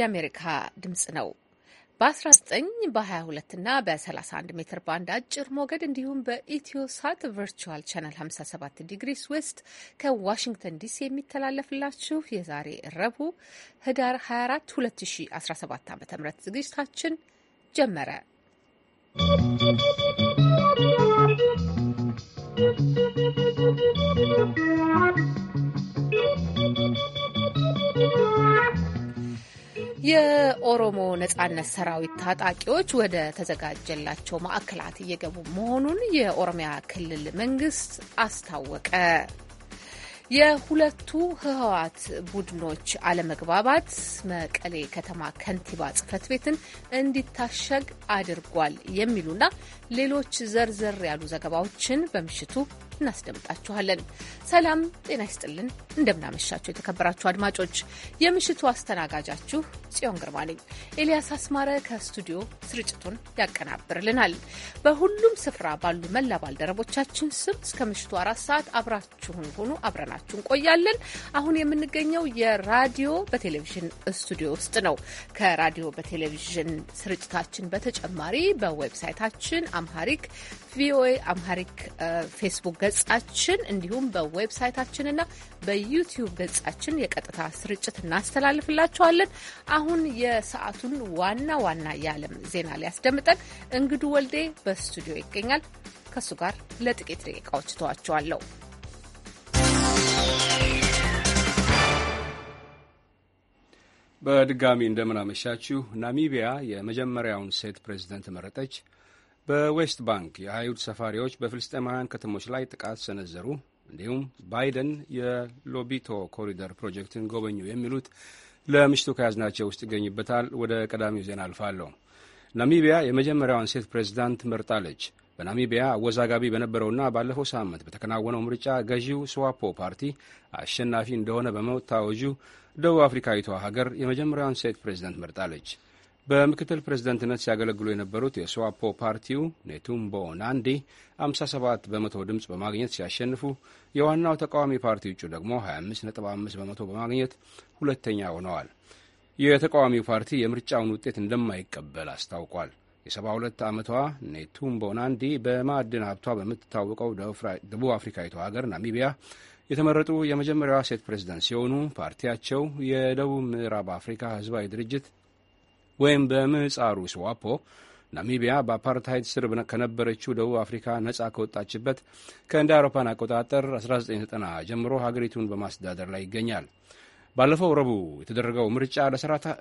የአሜሪካ ድምጽ ነው። በ19 በ22 እና በ31 ሜትር ባንድ አጭር ሞገድ እንዲሁም በኢትዮሳት ቨርቹዋል ቻናል 57 ዲግሪስ ዌስት ከዋሽንግተን ዲሲ የሚተላለፍላችሁ የዛሬ ረቡዕ ህዳር 24 2017 ዓ ም ዝግጅታችን ጀመረ። ¶¶ የኦሮሞ ነጻነት ሰራዊት ታጣቂዎች ወደ ተዘጋጀላቸው ማዕከላት እየገቡ መሆኑን የኦሮሚያ ክልል መንግስት አስታወቀ። የሁለቱ ህወሓት ቡድኖች አለመግባባት መቀሌ ከተማ ከንቲባ ጽህፈት ቤትን እንዲታሸግ አድርጓል የሚሉና ሌሎች ዘርዘር ያሉ ዘገባዎችን በምሽቱ እናስደምጣችኋለን። ሰላም ጤና ይስጥልን። እንደምናመሻችሁ የተከበራችሁ አድማጮች፣ የምሽቱ አስተናጋጃችሁ ጽዮን ግርማ ነኝ። ኤልያስ አስማረ ከስቱዲዮ ስርጭቱን ያቀናብርልናል። በሁሉም ስፍራ ባሉ መላ ባልደረቦቻችን ስም እስከ ምሽቱ አራት ሰዓት አብራችሁን ሆኑ አብረናችሁ እንቆያለን። አሁን የምንገኘው የራዲዮ በቴሌቪዥን ስቱዲዮ ውስጥ ነው። ከራዲዮ በቴሌቪዥን ስርጭታችን በተጨማሪ በዌብሳይታችን አምሃሪክ ቪኦኤ አምሃሪክ ፌስቡክ ገጻችን እንዲሁም በዌብሳይታችንና በዩቲዩብ ገጻችን የቀጥታ ስርጭት እናስተላልፍላችኋለን። አሁን የሰዓቱን ዋና ዋና የዓለም ዜና ሊያስደምጠን እንግዱ ወልዴ በስቱዲዮ ይገኛል። ከእሱ ጋር ለጥቂት ደቂቃዎች ተዋቸዋለሁ። በድጋሚ እንደምናመሻችሁ። ናሚቢያ የመጀመሪያውን ሴት ፕሬዚደንት መረጠች። በዌስት ባንክ የአይሁድ ሰፋሪዎች በፍልስጤማውያን ከተሞች ላይ ጥቃት ሰነዘሩ፣ እንዲሁም ባይደን የሎቢቶ ኮሪደር ፕሮጀክትን ጎበኙ የሚሉት ለምሽቱ ከያዝናቸው ውስጥ ይገኝበታል። ወደ ቀዳሚው ዜና አልፋለሁ። ናሚቢያ የመጀመሪያዋን ሴት ፕሬዝዳንት መርጣለች። በናሚቢያ አወዛጋቢ በነበረውና ባለፈው ሳምንት በተከናወነው ምርጫ ገዢው ስዋፖ ፓርቲ አሸናፊ እንደሆነ በመታወጁ ደቡብ አፍሪካዊቷ ሀገር የመጀመሪያውን ሴት ፕሬዝዳንት መርጣለች። በምክትል ፕሬዝደንትነት ሲያገለግሉ የነበሩት የስዋፖ ፓርቲው ኔቱምቦ ናንዲ 57 በመቶ ድምፅ በማግኘት ሲያሸንፉ የዋናው ተቃዋሚ ፓርቲ እጩ ደግሞ 25.5 በመቶ በማግኘት ሁለተኛ ሆነዋል። የተቃዋሚው ፓርቲ የምርጫውን ውጤት እንደማይቀበል አስታውቋል። የ72 ዓመቷ ኔቱምቦ ናንዲ በማዕድን ሀብቷ በምትታወቀው ደቡብ አፍሪካዊቷ ሀገር ናሚቢያ የተመረጡ የመጀመሪያዋ ሴት ፕሬዝደንት ሲሆኑ ፓርቲያቸው የደቡብ ምዕራብ አፍሪካ ህዝባዊ ድርጅት ወይም በምህጻሩ ስዋፖ ናሚቢያ በአፓርታይድ ስር ከነበረችው ደቡብ አፍሪካ ነጻ ከወጣችበት ከእንደ አውሮፓን አቆጣጠር 1990 ጀምሮ ሀገሪቱን በማስተዳደር ላይ ይገኛል። ባለፈው ረቡዕ የተደረገው ምርጫ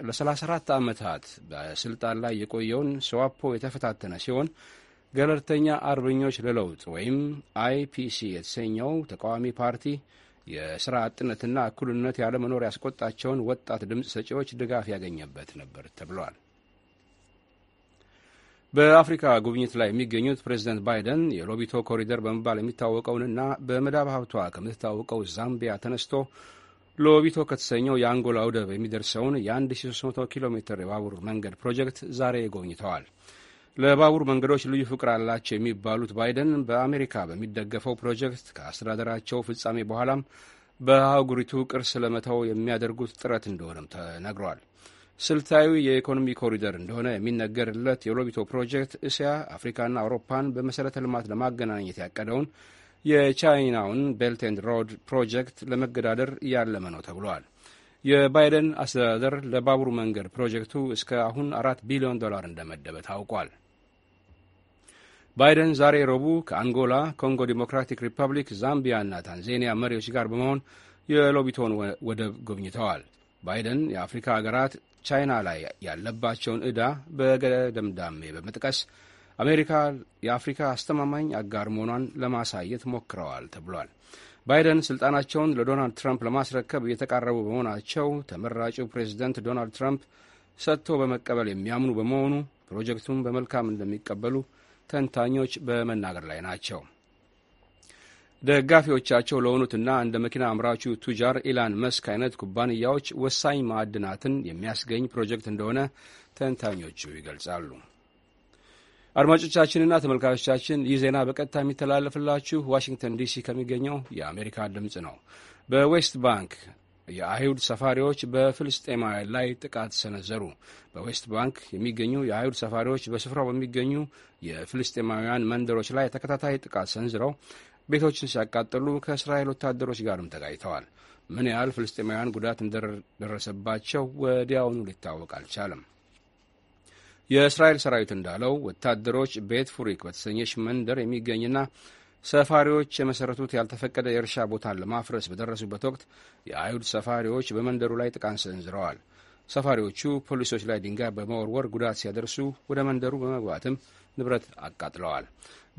ለ34 ዓመታት በስልጣን ላይ የቆየውን ስዋፖ የተፈታተነ ሲሆን ገለልተኛ አርበኞች ለለውጥ ወይም አይፒሲ የተሰኘው ተቃዋሚ ፓርቲ የስራ አጥነትና እኩልነት ያለመኖር ያስቆጣቸውን ወጣት ድምፅ ሰጪዎች ድጋፍ ያገኘበት ነበር ተብሏል። በአፍሪካ ጉብኝት ላይ የሚገኙት ፕሬዚደንት ባይደን የሎቢቶ ኮሪደር በመባል የሚታወቀውንና በመዳብ ሀብቷ ከምትታወቀው ዛምቢያ ተነስቶ ሎቢቶ ከተሰኘው የአንጎላ ወደብ የሚደርሰውን የ1300 ኪሎ ሜትር የባቡር መንገድ ፕሮጀክት ዛሬ ጎብኝተዋል። ለባቡር መንገዶች ልዩ ፍቅር አላቸው የሚባሉት ባይደን በአሜሪካ በሚደገፈው ፕሮጀክት ከአስተዳደራቸው ፍጻሜ በኋላም በአህጉሪቱ ቅርስ ለመተው የሚያደርጉት ጥረት እንደሆነም ተነግሯል። ስልታዊ የኢኮኖሚ ኮሪደር እንደሆነ የሚነገርለት የሎቢቶ ፕሮጀክት እስያ፣ አፍሪካና አውሮፓን በመሠረተ ልማት ለማገናኘት ያቀደውን የቻይናውን ቤልት ኤንድ ሮድ ፕሮጀክት ለመገዳደር እያለመ ነው ተብሏል። የባይደን አስተዳደር ለባቡር መንገድ ፕሮጀክቱ እስከ አሁን አራት ቢሊዮን ዶላር እንደመደበ ታውቋል። ባይደን ዛሬ ረቡዕ ከአንጎላ፣ ኮንጎ ዲሞክራቲክ ሪፐብሊክ፣ ዛምቢያ እና ታንዛኒያ መሪዎች ጋር በመሆን የሎቢቶን ወደብ ጎብኝተዋል። ባይደን የአፍሪካ ሀገራት ቻይና ላይ ያለባቸውን ዕዳ በገደምዳሜ በመጥቀስ አሜሪካ የአፍሪካ አስተማማኝ አጋር መሆኗን ለማሳየት ሞክረዋል ተብሏል። ባይደን ስልጣናቸውን ለዶናልድ ትራምፕ ለማስረከብ እየተቃረቡ በመሆናቸው ተመራጩ ፕሬዚደንት ዶናልድ ትራምፕ ሰጥቶ በመቀበል የሚያምኑ በመሆኑ ፕሮጀክቱን በመልካም እንደሚቀበሉ ተንታኞች በመናገር ላይ ናቸው። ደጋፊዎቻቸው ለሆኑትና እንደ መኪና አምራቹ ቱጃር ኢላን መስክ አይነት ኩባንያዎች ወሳኝ ማዕድናትን የሚያስገኝ ፕሮጀክት እንደሆነ ተንታኞቹ ይገልጻሉ። አድማጮቻችንና ተመልካቾቻችን ይህ ዜና በቀጥታ የሚተላለፍላችሁ ዋሽንግተን ዲሲ ከሚገኘው የአሜሪካ ድምፅ ነው። በዌስት ባንክ የአይሁድ ሰፋሪዎች በፍልስጤማውያን ላይ ጥቃት ሰነዘሩ። በዌስት ባንክ የሚገኙ የአይሁድ ሰፋሪዎች በስፍራው በሚገኙ የፍልስጤማውያን መንደሮች ላይ ተከታታይ ጥቃት ሰንዝረው ቤቶችን ሲያቃጥሉ ከእስራኤል ወታደሮች ጋርም ተጋጭተዋል። ምን ያህል ፍልስጤማውያን ጉዳት እንደደረሰባቸው ወዲያውኑ ሊታወቅ አልቻለም። የእስራኤል ሰራዊት እንዳለው ወታደሮች ቤት ፉሪክ በተሰኘች መንደር የሚገኝና ሰፋሪዎች የመሠረቱት ያልተፈቀደ የእርሻ ቦታን ለማፍረስ በደረሱበት ወቅት የአይሁድ ሰፋሪዎች በመንደሩ ላይ ጥቃት ሰንዝረዋል። ሰፋሪዎቹ ፖሊሶች ላይ ድንጋይ በመወርወር ጉዳት ሲያደርሱ ወደ መንደሩ በመግባትም ንብረት አቃጥለዋል።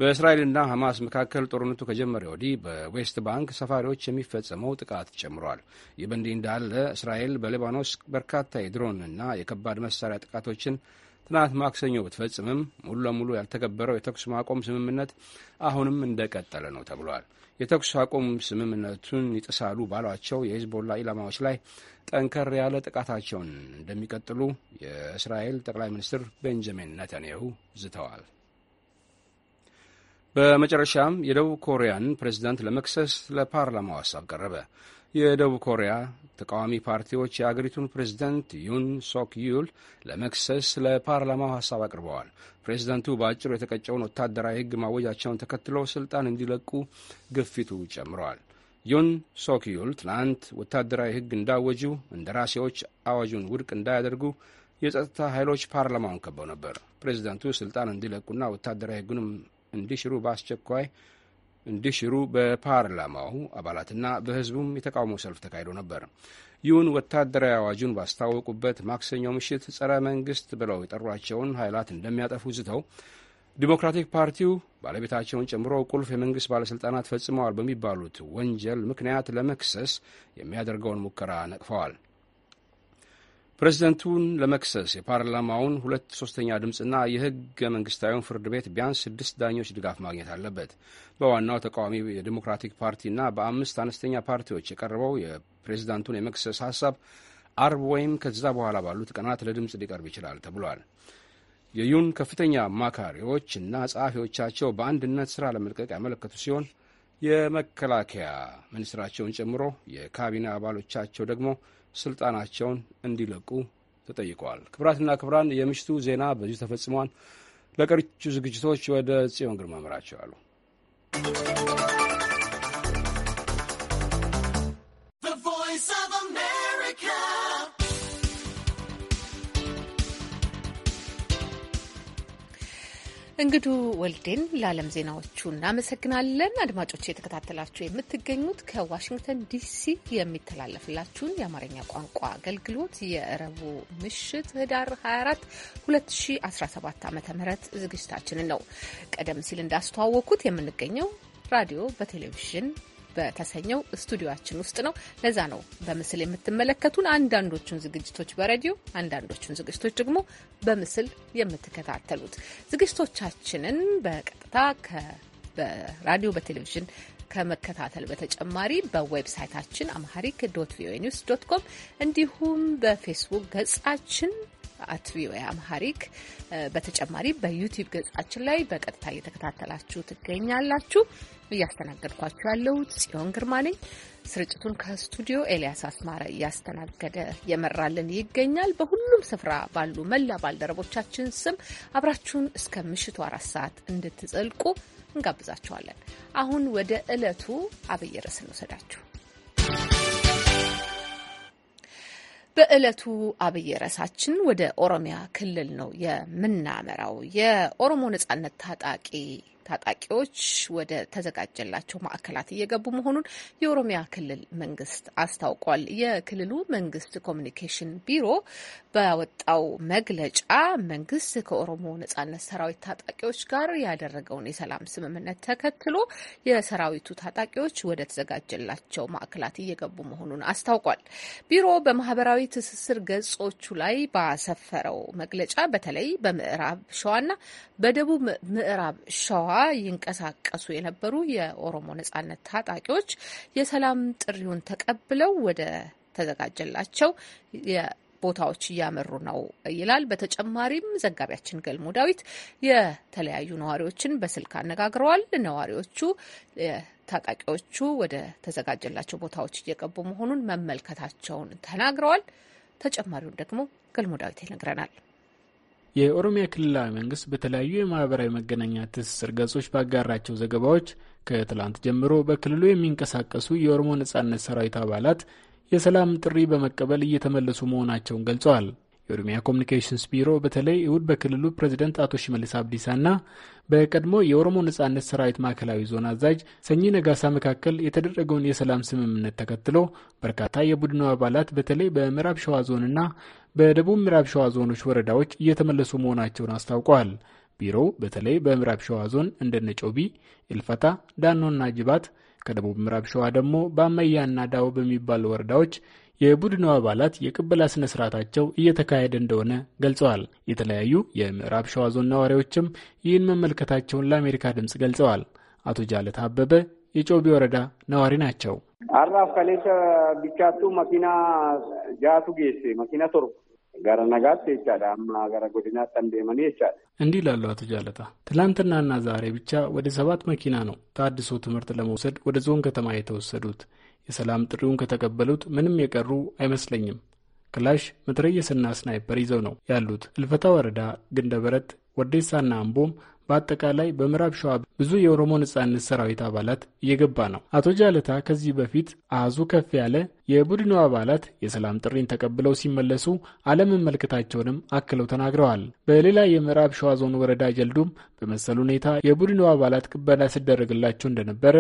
በእስራኤልና ሐማስ መካከል ጦርነቱ ከጀመረ ወዲህ በዌስት ባንክ ሰፋሪዎች የሚፈጸመው ጥቃት ጨምሯል። ይህ በእንዲህ እንዳለ እስራኤል በሊባኖስ በርካታ የድሮንና የከባድ መሳሪያ ጥቃቶችን ትናንት ማክሰኞ ብትፈጽምም ሙሉ ለሙሉ ያልተከበረው የተኩስ ማቆም ስምምነት አሁንም እንደቀጠለ ነው ተብሏል። የተኩስ አቁም ስምምነቱን ይጥሳሉ ባሏቸው የሂዝቦላ ኢላማዎች ላይ ጠንከር ያለ ጥቃታቸውን እንደሚቀጥሉ የእስራኤል ጠቅላይ ሚኒስትር ቤንጃሚን ነተንያሁ ዝተዋል። በመጨረሻም የደቡብ ኮሪያን ፕሬዚዳንት ለመክሰስ ለፓርላማው ሀሳብ ቀረበ። የደቡብ ኮሪያ ተቃዋሚ ፓርቲዎች የአገሪቱን ፕሬዝደንት ዩን ሶክ ዩል ለመክሰስ ለፓርላማው ሀሳብ አቅርበዋል። ፕሬዝደንቱ በአጭሩ የተቀጨውን ወታደራዊ ሕግ ማወጃቸውን ተከትሎ ስልጣን እንዲለቁ ግፊቱ ጨምረዋል። ዩን ሶክ ዩል ትናንት ወታደራዊ ሕግ እንዳወጁ እንደራሴዎች አዋጁን ውድቅ እንዳያደርጉ የጸጥታ ኃይሎች ፓርላማውን ከበው ነበር። ፕሬዝደንቱ ስልጣን እንዲለቁና ወታደራዊ ሕጉንም እንዲሽሩ በአስቸኳይ እንዲሽሩ በፓርላማው አባላትና በህዝቡም የተቃውሞ ሰልፍ ተካሂዶ ነበር። ይሁን ወታደራዊ አዋጁን ባስታወቁበት ማክሰኞ ምሽት ጸረ መንግስት ብለው የጠሯቸውን ኃይላት እንደሚያጠፉ ዝተው ዲሞክራቲክ ፓርቲው ባለቤታቸውን ጨምሮ ቁልፍ የመንግሥት ባለሥልጣናት ፈጽመዋል በሚባሉት ወንጀል ምክንያት ለመክሰስ የሚያደርገውን ሙከራ ነቅፈዋል። ፕሬዚደንቱን ለመክሰስ የፓርላማውን ሁለት ሶስተኛ ድምፅና የህገ መንግስታዊውን ፍርድ ቤት ቢያንስ ስድስት ዳኞች ድጋፍ ማግኘት አለበት። በዋናው ተቃዋሚ የዲሞክራቲክ ፓርቲና በአምስት አነስተኛ ፓርቲዎች የቀረበው የፕሬዚዳንቱን የመክሰስ ሀሳብ አርብ ወይም ከዛ በኋላ ባሉት ቀናት ለድምፅ ሊቀርብ ይችላል ተብሏል። የዩን ከፍተኛ አማካሪዎች እና ጸሐፊዎቻቸው በአንድነት ስራ ለመልቀቅ ያመለከቱ ሲሆን የመከላከያ ሚኒስትራቸውን ጨምሮ የካቢኔ አባሎቻቸው ደግሞ ስልጣናቸውን እንዲለቁ ተጠይቀዋል። ክብራትና ክብራን የምሽቱ ዜና በዚሁ ተፈጽሟል። ለቀሪቹ ዝግጅቶች ወደ ጽዮን ግርማ you. እንግዱ ወልዴን ለዓለም ዜናዎቹ እናመሰግናለን። አድማጮች የተከታተላችሁ የምትገኙት ከዋሽንግተን ዲሲ የሚተላለፍላችሁን የአማርኛ ቋንቋ አገልግሎት የእረቡ ምሽት ህዳር 24 2017 ዓ ም ዝግጅታችንን ነው። ቀደም ሲል እንዳስተዋወቅኩት የምንገኘው ራዲዮ በቴሌቪዥን በተሰኘው ስቱዲዮችን ውስጥ ነው። ለዛ ነው በምስል የምትመለከቱን አንዳንዶቹን ዝግጅቶች በሬዲዮ አንዳንዶቹን ዝግጅቶች ደግሞ በምስል የምትከታተሉት። ዝግጅቶቻችንን በቀጥታ በራዲዮ በቴሌቪዥን ከመከታተል በተጨማሪ በዌብሳይታችን አምሃሪክ ዶት ቪኦኤ ኒውስ ዶት ኮም እንዲሁም በፌስቡክ ገጻችን አት ቪኦኤ አምሃሪክ በተጨማሪ በዩቲዩብ ገጻችን ላይ በቀጥታ እየተከታተላችሁ ትገኛላችሁ። እያስተናገድኳችሁ ያለሁት ጽዮን ግርማ ነኝ። ስርጭቱን ከስቱዲዮ ኤልያስ አስማረ እያስተናገደ የመራልን ይገኛል። በሁሉም ስፍራ ባሉ መላ ባልደረቦቻችን ስም አብራችሁን እስከ ምሽቱ አራት ሰዓት እንድትዘልቁ እንጋብዛችኋለን። አሁን ወደ ዕለቱ አብይ ርዕስ እንውሰዳችሁ። በዕለቱ አብይ ርዕሳችን ወደ ኦሮሚያ ክልል ነው የምናመራው። የኦሮሞ ነጻነት ታጣቂ ታጣቂዎች ወደ ተዘጋጀላቸው ማዕከላት እየገቡ መሆኑን የኦሮሚያ ክልል መንግስት አስታውቋል። የክልሉ መንግስት ኮሚኒኬሽን ቢሮ በወጣው መግለጫ መንግስት ከኦሮሞ ነጻነት ሰራዊት ታጣቂዎች ጋር ያደረገውን የሰላም ስምምነት ተከትሎ የሰራዊቱ ታጣቂዎች ወደ ተዘጋጀላቸው ማዕከላት እየገቡ መሆኑን አስታውቋል። ቢሮ በማህበራዊ ትስስር ገጾቹ ላይ ባሰፈረው መግለጫ በተለይ በምዕራብ ሸዋና በደቡብ ምዕራብ ሸዋ ይንቀሳቀሱ የነበሩ የኦሮሞ ነጻነት ታጣቂዎች የሰላም ጥሪውን ተቀብለው ወደ ተዘጋጀላቸው ቦታዎች እያመሩ ነው ይላል። በተጨማሪም ዘጋቢያችን ገልሞ ዳዊት የተለያዩ ነዋሪዎችን በስልክ አነጋግረዋል። ነዋሪዎቹ ታጣቂዎቹ ወደ ተዘጋጀላቸው ቦታዎች እየገቡ መሆኑን መመልከታቸውን ተናግረዋል። ተጨማሪውን ደግሞ ገልሞ ዳዊት ይነግረናል። የኦሮሚያ ክልላዊ መንግስት በተለያዩ የማህበራዊ መገናኛ ትስስር ገጾች ባጋራቸው ዘገባዎች ከትላንት ጀምሮ በክልሉ የሚንቀሳቀሱ የኦሮሞ ነጻነት ሰራዊት አባላት የሰላም ጥሪ በመቀበል እየተመለሱ መሆናቸውን ገልጸዋል። የኦሮሚያ ኮሚኒኬሽንስ ቢሮ በተለይ እሁድ በክልሉ ፕሬዚደንት አቶ ሽመልስ አብዲሳና በቀድሞ የኦሮሞ ነጻነት ሰራዊት ማዕከላዊ ዞን አዛዥ ሰኚ ነጋሳ መካከል የተደረገውን የሰላም ስምምነት ተከትሎ በርካታ የቡድኑ አባላት በተለይ በምዕራብ ሸዋ ዞንና በደቡብ ምዕራብ ሸዋ ዞኖች ወረዳዎች እየተመለሱ መሆናቸውን አስታውቋል። ቢሮው በተለይ በምዕራብ ሸዋ ዞን እንደነ ጮቢ፣ ኤልፈታ፣ ዳኖና ጅባት ከደቡብ ምዕራብ ሸዋ ደግሞ በአመያና ዳው በሚባሉ ወረዳዎች የቡድኑ አባላት የቅበላ ስነ ስርዓታቸው እየተካሄደ እንደሆነ ገልጸዋል። የተለያዩ የምዕራብ ሸዋ ዞን ነዋሪዎችም ይህን መመልከታቸውን ለአሜሪካ ድምፅ ገልጸዋል። አቶ ጃለት አበበ የጮቢ ወረዳ ነዋሪ ናቸው። አራፍ ከሌሰ ቢቻቱ መኪና ጃቱ ጌሴ መኪና ጋራ ነጋት ይቻለ አማ ጋራ ይቻለ እንዲህ ላለው አቶ ጃለታ ትላንትናና ዛሬ ብቻ ወደ ሰባት መኪና ነው ታድሶ ትምህርት ለመውሰድ ወደ ዞን ከተማ የተወሰዱት። የሰላም ጥሪውን ከተቀበሉት ምንም የቀሩ አይመስለኝም። ክላሽ፣ መትረየስና ስናይፐር ይዘው ነው ያሉት። እልፈታ ወረዳ፣ ግንደበረት፣ ወዴሳና አምቦም በአጠቃላይ በምዕራብ ሸዋ ብዙ የኦሮሞ ነጻነት ሰራዊት አባላት እየገባ ነው። አቶ ጃለታ ከዚህ በፊት አሃዙ ከፍ ያለ የቡድኑ አባላት የሰላም ጥሪን ተቀብለው ሲመለሱ አለመመልከታቸውንም አክለው ተናግረዋል። በሌላ የምዕራብ ሸዋ ዞን ወረዳ ጀልዱም በመሰል ሁኔታ የቡድኑ አባላት ቅበላ ሲደረግላቸው እንደነበረ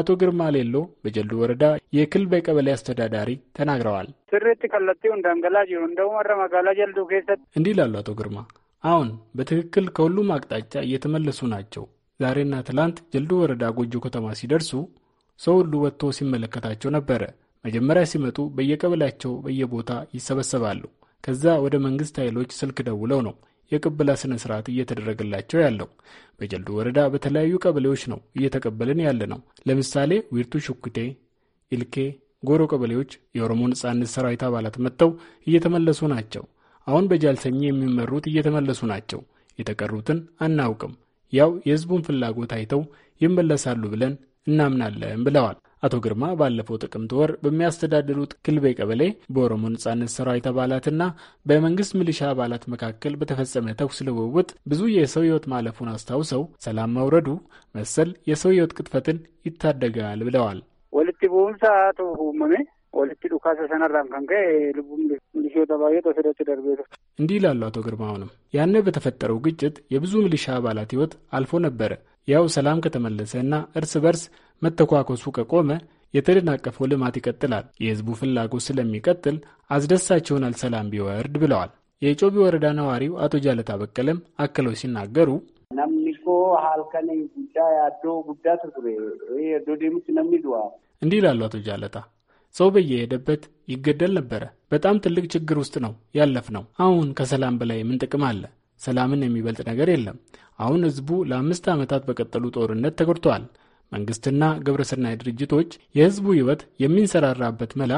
አቶ ግርማ ሌሎ በጀልዱ ወረዳ የክልበ ቀበሌ አስተዳዳሪ ተናግረዋል። ስርት ከለጤው እንደንገላ እንዲሁ መረ ጀልዱ ጀልዱ እንዲህ ይላሉ አቶ ግርማ አሁን በትክክል ከሁሉም አቅጣጫ እየተመለሱ ናቸው። ዛሬና ትላንት ጀልዱ ወረዳ ጎጆ ከተማ ሲደርሱ ሰው ሁሉ ወጥቶ ሲመለከታቸው ነበረ። መጀመሪያ ሲመጡ በየቀበሌያቸው በየቦታ ይሰበሰባሉ። ከዛ ወደ መንግስት ኃይሎች ስልክ ደውለው ነው የቅብላ ስነ ስርዓት እየተደረገላቸው ያለው። በጀልዱ ወረዳ በተለያዩ ቀበሌዎች ነው እየተቀበልን ያለ ነው። ለምሳሌ ዊርቱ ሹኩቴ፣ ኢልኬ፣ ጎሮ ቀበሌዎች የኦሮሞ ነጻነት ሰራዊት አባላት መጥተው እየተመለሱ ናቸው። አሁን በጃልሰኝ የሚመሩት እየተመለሱ ናቸው። የተቀሩትን አናውቅም። ያው የህዝቡን ፍላጎት አይተው ይመለሳሉ ብለን እናምናለን ብለዋል። አቶ ግርማ ባለፈው ጥቅምት ወር በሚያስተዳድሩት ክልቤ ቀበሌ በኦሮሞ ነጻነት ሰራዊት አባላትና በመንግስት ሚሊሻ አባላት መካከል በተፈጸመ ተኩስ ልውውጥ ብዙ የሰው ህይወት ማለፉን አስታውሰው ሰላም መውረዱ መሰል የሰው ህይወት ቅጥፈትን ይታደጋል ብለዋል። ወልቲ ቡምሳ ቱ ሁመሜ ወልቲ ዱካሰ sanarraan kan ልቡ lubbuun ተባየ baay'eetu asirratti darbee ture. እንዲህ ይላሉ አቶ ግርማ አሁንም ያኔ በተፈጠረው ግጭት የብዙ ሚሊሻ አባላት ህይወት አልፎ ነበረ። ያው ሰላም ከተመለሰ እና እርስ በርስ መተኳኮሱ ከቆመ የተደናቀፈው ልማት ይቀጥላል። የህዝቡ ፍላጎት ስለሚቀጥል አስደሳች ይሆናል ሰላም ቢወርድ ብለዋል። የጮቢ ወረዳ ነዋሪው አቶ ጃለታ በቀለም አክለው ሲናገሩ namni እኮ ጉዳ ያዶ ጉዳ guddaatu ዶ ደምት ነሚድዋ እንዲህ ይላሉ አቶ ጃለታ ሰው በየሄደበት ይገደል ነበረ። በጣም ትልቅ ችግር ውስጥ ነው ያለፍ ነው። አሁን ከሰላም በላይ ምን ጥቅም አለ? ሰላምን የሚበልጥ ነገር የለም። አሁን ህዝቡ ለአምስት ዓመታት በቀጠሉ ጦርነት ተጎድተዋል። መንግስትና ግብረሰናይ ድርጅቶች የህዝቡ ህይወት የሚንሰራራበት መላ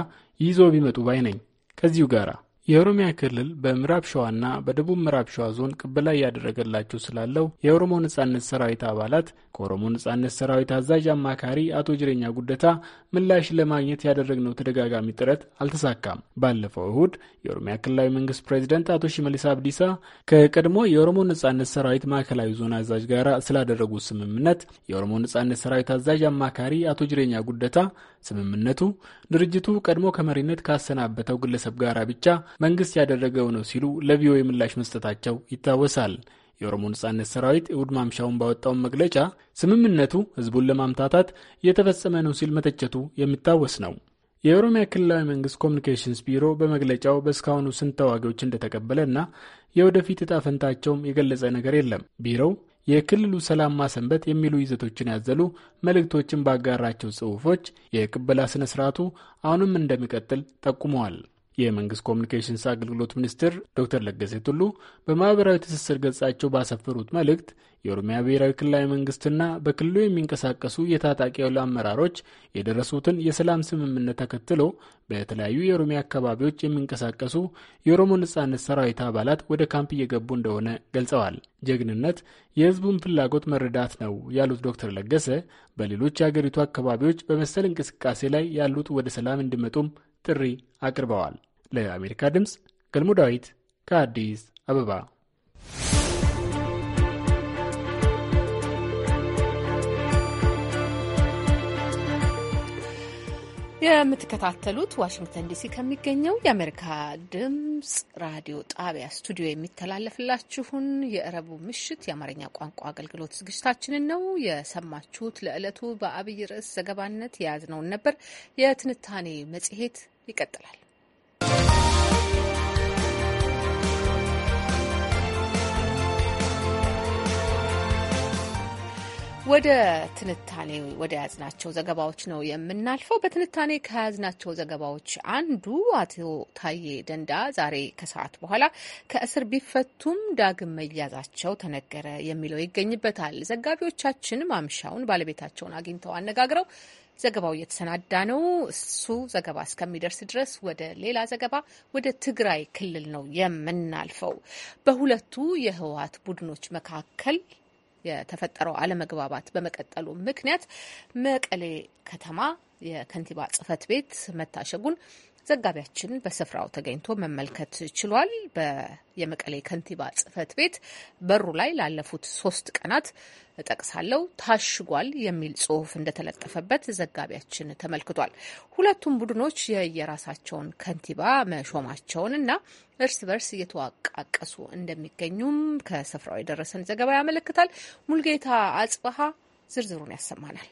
ይዞ ቢመጡ ባይ ነኝ። ከዚሁ ጋር የኦሮሚያ ክልል በምዕራብ ሸዋና በደቡብ ምዕራብ ሸዋ ዞን ቅብላ እያደረገላቸው ስላለው የኦሮሞ ነጻነት ሰራዊት አባላት ከኦሮሞ ነጻነት ሰራዊት አዛዥ አማካሪ አቶ ጅሬኛ ጉደታ ምላሽ ለማግኘት ያደረግነው ተደጋጋሚ ጥረት አልተሳካም። ባለፈው እሁድ የኦሮሚያ ክልላዊ መንግስት ፕሬዚደንት አቶ ሽመልስ አብዲሳ ከቀድሞ የኦሮሞ ነጻነት ሰራዊት ማዕከላዊ ዞን አዛዥ ጋር ስላደረጉት ስምምነት የኦሮሞ ነጻነት ሰራዊት አዛዥ አማካሪ አቶ ጅሬኛ ጉደታ ስምምነቱ ድርጅቱ ቀድሞ ከመሪነት ካሰናበተው ግለሰብ ጋር ብቻ መንግስት ያደረገው ነው ሲሉ ለቪኦኤ ምላሽ መስጠታቸው ይታወሳል። የኦሮሞ ነጻነት ሰራዊት እሁድ ማምሻውን ባወጣውን መግለጫ ስምምነቱ ህዝቡን ለማምታታት እየተፈጸመ ነው ሲል መተቸቱ የሚታወስ ነው። የኦሮሚያ ክልላዊ መንግስት ኮሚኒኬሽንስ ቢሮ በመግለጫው በእስካሁኑ ስንት ተዋጊዎች እንደተቀበለና የወደፊት እጣ ፈንታቸውም የገለጸ ነገር የለም። ቢሮው የክልሉ ሰላም ማሰንበት የሚሉ ይዘቶችን ያዘሉ መልእክቶችን ባጋራቸው ጽሁፎች የቅበላ ስነ ስርዓቱ አሁንም እንደሚቀጥል ጠቁመዋል። የመንግስት ኮሚኒኬሽንስ አገልግሎት ሚኒስትር ዶክተር ለገሰ ቱሉ በማህበራዊ ትስስር ገጻቸው ባሰፈሩት መልእክት የኦሮሚያ ብሔራዊ ክልላዊ መንግስትና በክልሉ የሚንቀሳቀሱ የታጣቂ አመራሮች የደረሱትን የሰላም ስምምነት ተከትሎ በተለያዩ የኦሮሚያ አካባቢዎች የሚንቀሳቀሱ የኦሮሞ ነጻነት ሰራዊት አባላት ወደ ካምፕ እየገቡ እንደሆነ ገልጸዋል። ጀግንነት የህዝቡን ፍላጎት መረዳት ነው ያሉት ዶክተር ለገሰ በሌሎች የአገሪቱ አካባቢዎች በመሰል እንቅስቃሴ ላይ ያሉት ወደ ሰላም እንዲመጡም ጥሪ አቅርበዋል። ለአሜሪካ ድምፅ ገልሞ ዳዊት ከአዲስ አበባ። የምትከታተሉት ዋሽንግተን ዲሲ ከሚገኘው የአሜሪካ ድምጽ ራዲዮ ጣቢያ ስቱዲዮ የሚተላለፍላችሁን የእረቡ ምሽት የአማርኛ ቋንቋ አገልግሎት ዝግጅታችንን ነው የሰማችሁት። ለዕለቱ በአብይ ርዕስ ዘገባነት የያዝነውን ነበር። የትንታኔ መጽሔት ይቀጥላል። ወደ ትንታኔ ወደ ያዝናቸው ዘገባዎች ነው የምናልፈው። በትንታኔ ከያዝናቸው ዘገባዎች አንዱ አቶ ታዬ ደንዳ ዛሬ ከሰዓት በኋላ ከእስር ቢፈቱም ዳግም መያዛቸው ተነገረ የሚለው ይገኝበታል። ዘጋቢዎቻችን ማምሻውን ባለቤታቸውን አግኝተው አነጋግረው ዘገባው እየተሰናዳ ነው። እሱ ዘገባ እስከሚደርስ ድረስ ወደ ሌላ ዘገባ ወደ ትግራይ ክልል ነው የምናልፈው። በሁለቱ የህወሀት ቡድኖች መካከል የተፈጠረው አለመግባባት በመቀጠሉ ምክንያት መቀሌ ከተማ የከንቲባ ጽህፈት ቤት መታሸጉን ዘጋቢያችን በስፍራው ተገኝቶ መመልከት ችሏል። የመቀሌ ከንቲባ ጽህፈት ቤት በሩ ላይ ላለፉት ሶስት ቀናት ጠቅሳለው ታሽጓል የሚል ጽሁፍ እንደተለጠፈበት ዘጋቢያችን ተመልክቷል። ሁለቱም ቡድኖች የየራሳቸውን ከንቲባ መሾማቸውን እና እርስ በርስ እየተዋቃቀሱ እንደሚገኙም ከስፍራው የደረሰን ዘገባ ያመለክታል። ሙልጌታ አጽበሀ ዝርዝሩን ያሰማናል።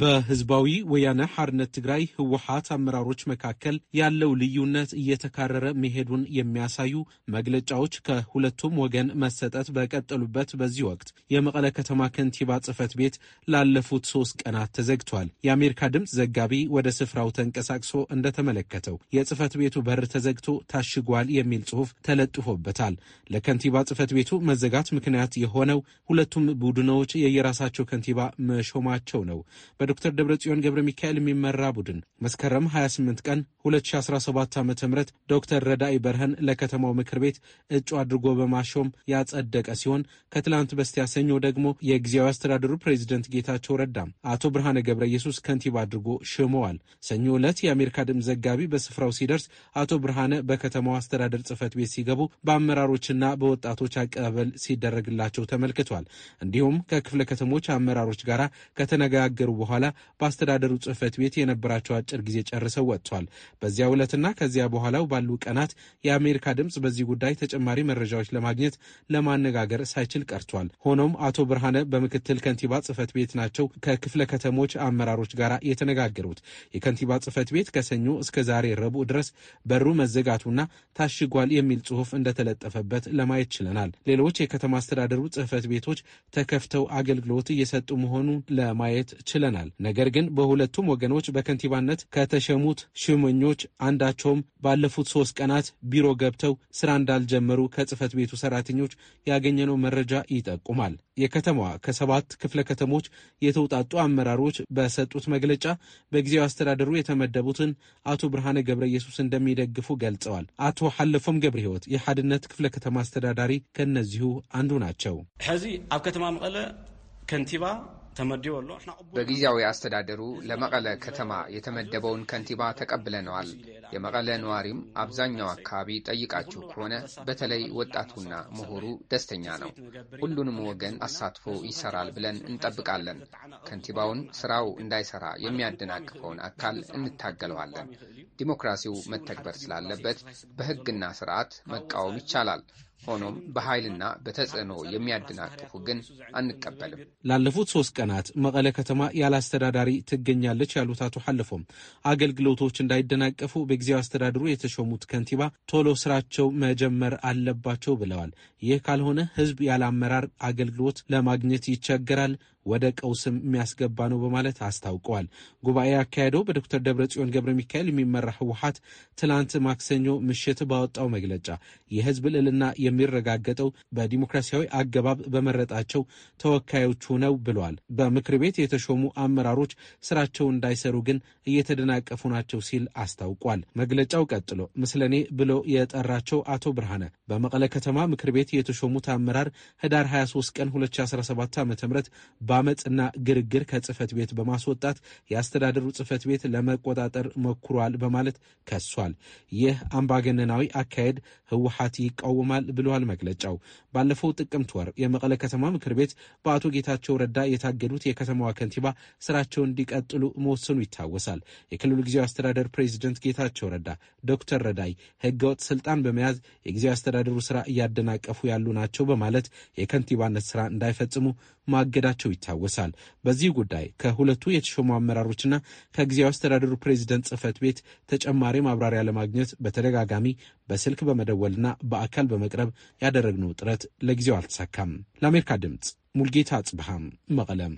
በህዝባዊ ወያነ ሐርነት ትግራይ ህወሓት አመራሮች መካከል ያለው ልዩነት እየተካረረ መሄዱን የሚያሳዩ መግለጫዎች ከሁለቱም ወገን መሰጠት በቀጠሉበት በዚህ ወቅት የመቀለ ከተማ ከንቲባ ጽህፈት ቤት ላለፉት ሶስት ቀናት ተዘግቷል። የአሜሪካ ድምፅ ዘጋቢ ወደ ስፍራው ተንቀሳቅሶ እንደተመለከተው የጽህፈት ቤቱ በር ተዘግቶ ታሽጓል የሚል ጽሑፍ ተለጥፎበታል። ለከንቲባ ጽህፈት ቤቱ መዘጋት ምክንያት የሆነው ሁለቱም ቡድኖች የየራሳቸው ከንቲባ መሾማቸው ነው። በዶክተር ደብረጽዮን ገብረ ሚካኤል የሚመራ ቡድን መስከረም 28 ቀን 2017 ዓ ም ዶክተር ረዳኢ በርሀን ለከተማው ምክር ቤት እጩ አድርጎ በማሾም ያጸደቀ ሲሆን ከትላንት በስቲያ ሰኞ ደግሞ የጊዜያዊ አስተዳደሩ ፕሬዚደንት ጌታቸው ረዳ አቶ ብርሃነ ገብረ ኢየሱስ ከንቲባ አድርጎ ሽመዋል። ሰኞ ዕለት የአሜሪካ ድምፅ ዘጋቢ በስፍራው ሲደርስ አቶ ብርሃነ በከተማው አስተዳደር ጽህፈት ቤት ሲገቡ በአመራሮችና በወጣቶች አቀባበል ሲደረግላቸው ተመልክቷል። እንዲሁም ከክፍለ ከተሞች አመራሮች ጋር ከተነጋገሩ በኋላ በኋላ በአስተዳደሩ ጽህፈት ቤት የነበራቸው አጭር ጊዜ ጨርሰው ወጥቷል። በዚያ ዕለትና ከዚያ በኋላው ባሉ ቀናት የአሜሪካ ድምፅ በዚህ ጉዳይ ተጨማሪ መረጃዎች ለማግኘት ለማነጋገር ሳይችል ቀርቷል። ሆኖም አቶ ብርሃነ በምክትል ከንቲባ ጽህፈት ቤት ናቸው ከክፍለ ከተሞች አመራሮች ጋር የተነጋገሩት። የከንቲባ ጽህፈት ቤት ከሰኞ እስከ ዛሬ ረቡዕ ድረስ በሩ መዘጋቱና ታሽጓል የሚል ጽሁፍ እንደተለጠፈበት ለማየት ችለናል። ሌሎች የከተማ አስተዳደሩ ጽህፈት ቤቶች ተከፍተው አገልግሎት እየሰጡ መሆኑን ለማየት ችለናል። ይላል። ነገር ግን በሁለቱም ወገኖች በከንቲባነት ከተሸሙት ሽመኞች አንዳቸውም ባለፉት ሶስት ቀናት ቢሮ ገብተው ስራ እንዳልጀመሩ ከጽህፈት ቤቱ ሰራተኞች ያገኘነው መረጃ ይጠቁማል። የከተማዋ ከሰባት ክፍለ ከተሞች የተውጣጡ አመራሮች በሰጡት መግለጫ በጊዜው አስተዳደሩ የተመደቡትን አቶ ብርሃነ ገብረ ኢየሱስ እንደሚደግፉ ገልጸዋል። አቶ ሐለፎም ገብረ ህይወት የሓድነት ክፍለ ከተማ አስተዳዳሪ ከነዚሁ አንዱ ናቸው። ሕዚ ኣብ ከተማ መቐለ ከንቲባ በጊዜያዊ አስተዳደሩ ለመቀለ ከተማ የተመደበውን ከንቲባ ተቀብለነዋል። የመቀለ ነዋሪም አብዛኛው አካባቢ ጠይቃችሁ ከሆነ በተለይ ወጣቱና ምሁሩ ደስተኛ ነው። ሁሉንም ወገን አሳትፎ ይሰራል ብለን እንጠብቃለን። ከንቲባውን ስራው እንዳይሰራ የሚያደናቅፈውን አካል እንታገለዋለን። ዲሞክራሲው መተግበር ስላለበት በህግና ስርዓት መቃወም ይቻላል። ሆኖም በኃይልና በተጽዕኖ የሚያደናቅፉ ግን አንቀበልም። ላለፉት ሶስት ቀናት መቀለ ከተማ ያለ አስተዳዳሪ ትገኛለች ያሉት አቶ ሐለፎም አገልግሎቶች እንዳይደናቀፉ በጊዜው አስተዳድሩ የተሾሙት ከንቲባ ቶሎ ስራቸው መጀመር አለባቸው ብለዋል። ይህ ካልሆነ ህዝብ ያለ አመራር አገልግሎት ለማግኘት ይቸገራል፣ ወደ ቀውስም የሚያስገባ ነው በማለት አስታውቀዋል። ጉባኤ ያካሄደው በዶክተር ደብረጽዮን ገብረ ሚካኤል የሚመራ ህወሀት ትላንት ማክሰኞ ምሽት ባወጣው መግለጫ የህዝብ ልዕልና የሚረጋገጠው በዲሞክራሲያዊ አገባብ በመረጣቸው ተወካዮቹ ነው ብለዋል። በምክር ቤት የተሾሙ አመራሮች ስራቸው እንዳይሰሩ ግን እየተደናቀፉ ናቸው ሲል አስታውቋል። መግለጫው ቀጥሎ ምስለኔ ብሎ የጠራቸው አቶ ብርሃነ በመቀለ ከተማ ምክር ቤት የተሾሙት አመራር ህዳር 23 ቀን 2017 ዓ ም በአመፅና ግርግር ከጽህፈት ቤት በማስወጣት የአስተዳደሩ ጽህፈት ቤት ለመቆጣጠር ሞክሯል በማለት ከሷል። ይህ አምባገነናዊ አካሄድ ህወሀት ይቃወማል ብለዋል መግለጫው። ባለፈው ጥቅምት ወር የመቀለ ከተማ ምክር ቤት በአቶ ጌታቸው ረዳ የታገዱት የከተማዋ ከንቲባ ስራቸውን እንዲቀጥሉ መወሰኑ ይታወሳል። የክልሉ ጊዜያዊ አስተዳደር ፕሬዚደንት ጌታቸው ረዳ ዶክተር ረዳይ ህገወጥ ስልጣን በመያዝ የጊዜያዊ አስተዳደሩ ስራ እያደናቀፉ ያሉ ናቸው በማለት የከንቲባነት ስራ እንዳይፈጽሙ ማገዳቸው ይታወሳል። በዚህ ጉዳይ ከሁለቱ የተሾሙ አመራሮችና ከጊዜያዊ አስተዳደሩ ፕሬዚደንት ጽህፈት ቤት ተጨማሪ ማብራሪያ ለማግኘት በተደጋጋሚ በስልክ በመደወልና በአካል በመቅረብ ያደረግነው ጥረት ለጊዜው አልተሳካም። ለአሜሪካ ድምፅ ሙልጌታ አጽብሃም መቀለም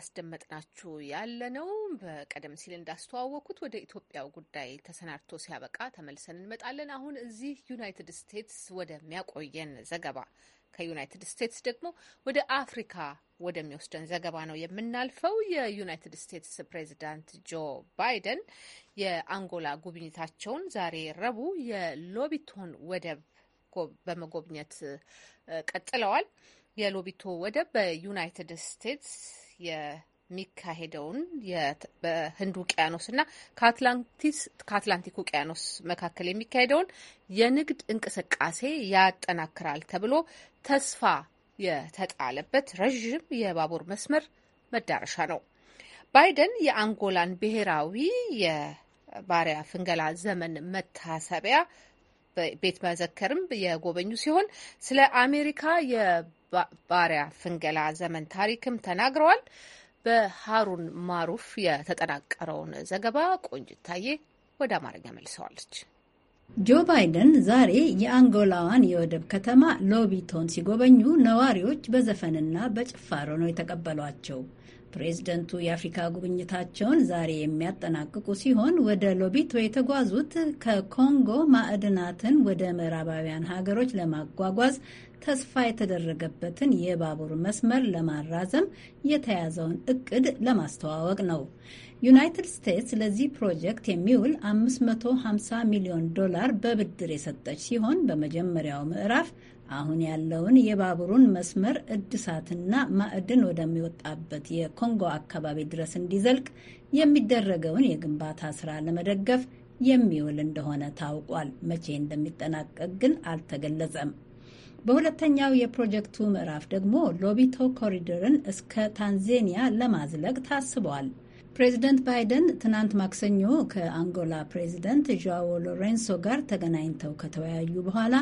እያስደመጥናችሁ ያለነው በቀደም ሲል እንዳስተዋወቅኩት ወደ ኢትዮጵያው ጉዳይ ተሰናድቶ ሲያበቃ ተመልሰን እንመጣለን። አሁን እዚህ ዩናይትድ ስቴትስ ወደሚያቆየን ዘገባ ከዩናይትድ ስቴትስ ደግሞ ወደ አፍሪካ ወደሚወስደን ዘገባ ነው የምናልፈው። የዩናይትድ ስቴትስ ፕሬዚዳንት ጆ ባይደን የአንጎላ ጉብኝታቸውን ዛሬ ረቡዕ የሎቢቶን ወደብ በመጎብኘት ቀጥለዋል። የሎቢቶ ወደብ በዩናይትድ ስቴትስ የሚካሄደውን በህንድ እና ከአትላንቲክ ውቅያኖስ መካከል የሚካሄደውን የንግድ እንቅስቃሴ ያጠናክራል ተብሎ ተስፋ የተጣለበት ረዥም የባቡር መስመር መዳረሻ ነው። ባይደን የአንጎላን ብሔራዊ የባሪያ ፍንገላ ዘመን መታሰቢያ ቤት መዘከርም የጎበኙ ሲሆን ስለ አሜሪካ ባሪያ ፍንገላ ዘመን ታሪክም ተናግረዋል። በሀሩን ማሩፍ የተጠናቀረውን ዘገባ ቆንጅታዬ ወደ አማርኛ መልሰዋለች። ጆ ባይደን ዛሬ የአንጎላዋን የወደብ ከተማ ሎቢቶን ሲጎበኙ ነዋሪዎች በዘፈንና በጭፋሮ ነው የተቀበሏቸው። ፕሬዝደንቱ የአፍሪካ ጉብኝታቸውን ዛሬ የሚያጠናቅቁ ሲሆን ወደ ሎቢቶ የተጓዙት ከኮንጎ ማዕድናትን ወደ ምዕራባውያን ሀገሮች ለማጓጓዝ ተስፋ የተደረገበትን የባቡር መስመር ለማራዘም የተያዘውን እቅድ ለማስተዋወቅ ነው። ዩናይትድ ስቴትስ ለዚህ ፕሮጀክት የሚውል 550 ሚሊዮን ዶላር በብድር የሰጠች ሲሆን በመጀመሪያው ምዕራፍ አሁን ያለውን የባቡሩን መስመር እድሳትና ማዕድን ወደሚወጣበት የኮንጎ አካባቢ ድረስ እንዲዘልቅ የሚደረገውን የግንባታ ስራ ለመደገፍ የሚውል እንደሆነ ታውቋል። መቼ እንደሚጠናቀቅ ግን አልተገለጸም። በሁለተኛው የፕሮጀክቱ ምዕራፍ ደግሞ ሎቢቶ ኮሪደርን እስከ ታንዜኒያ ለማዝለቅ ታስበዋል። ፕሬዚደንት ባይደን ትናንት ማክሰኞ ከአንጎላ ፕሬዚደንት ዣዎ ሎሬንሶ ጋር ተገናኝተው ከተወያዩ በኋላ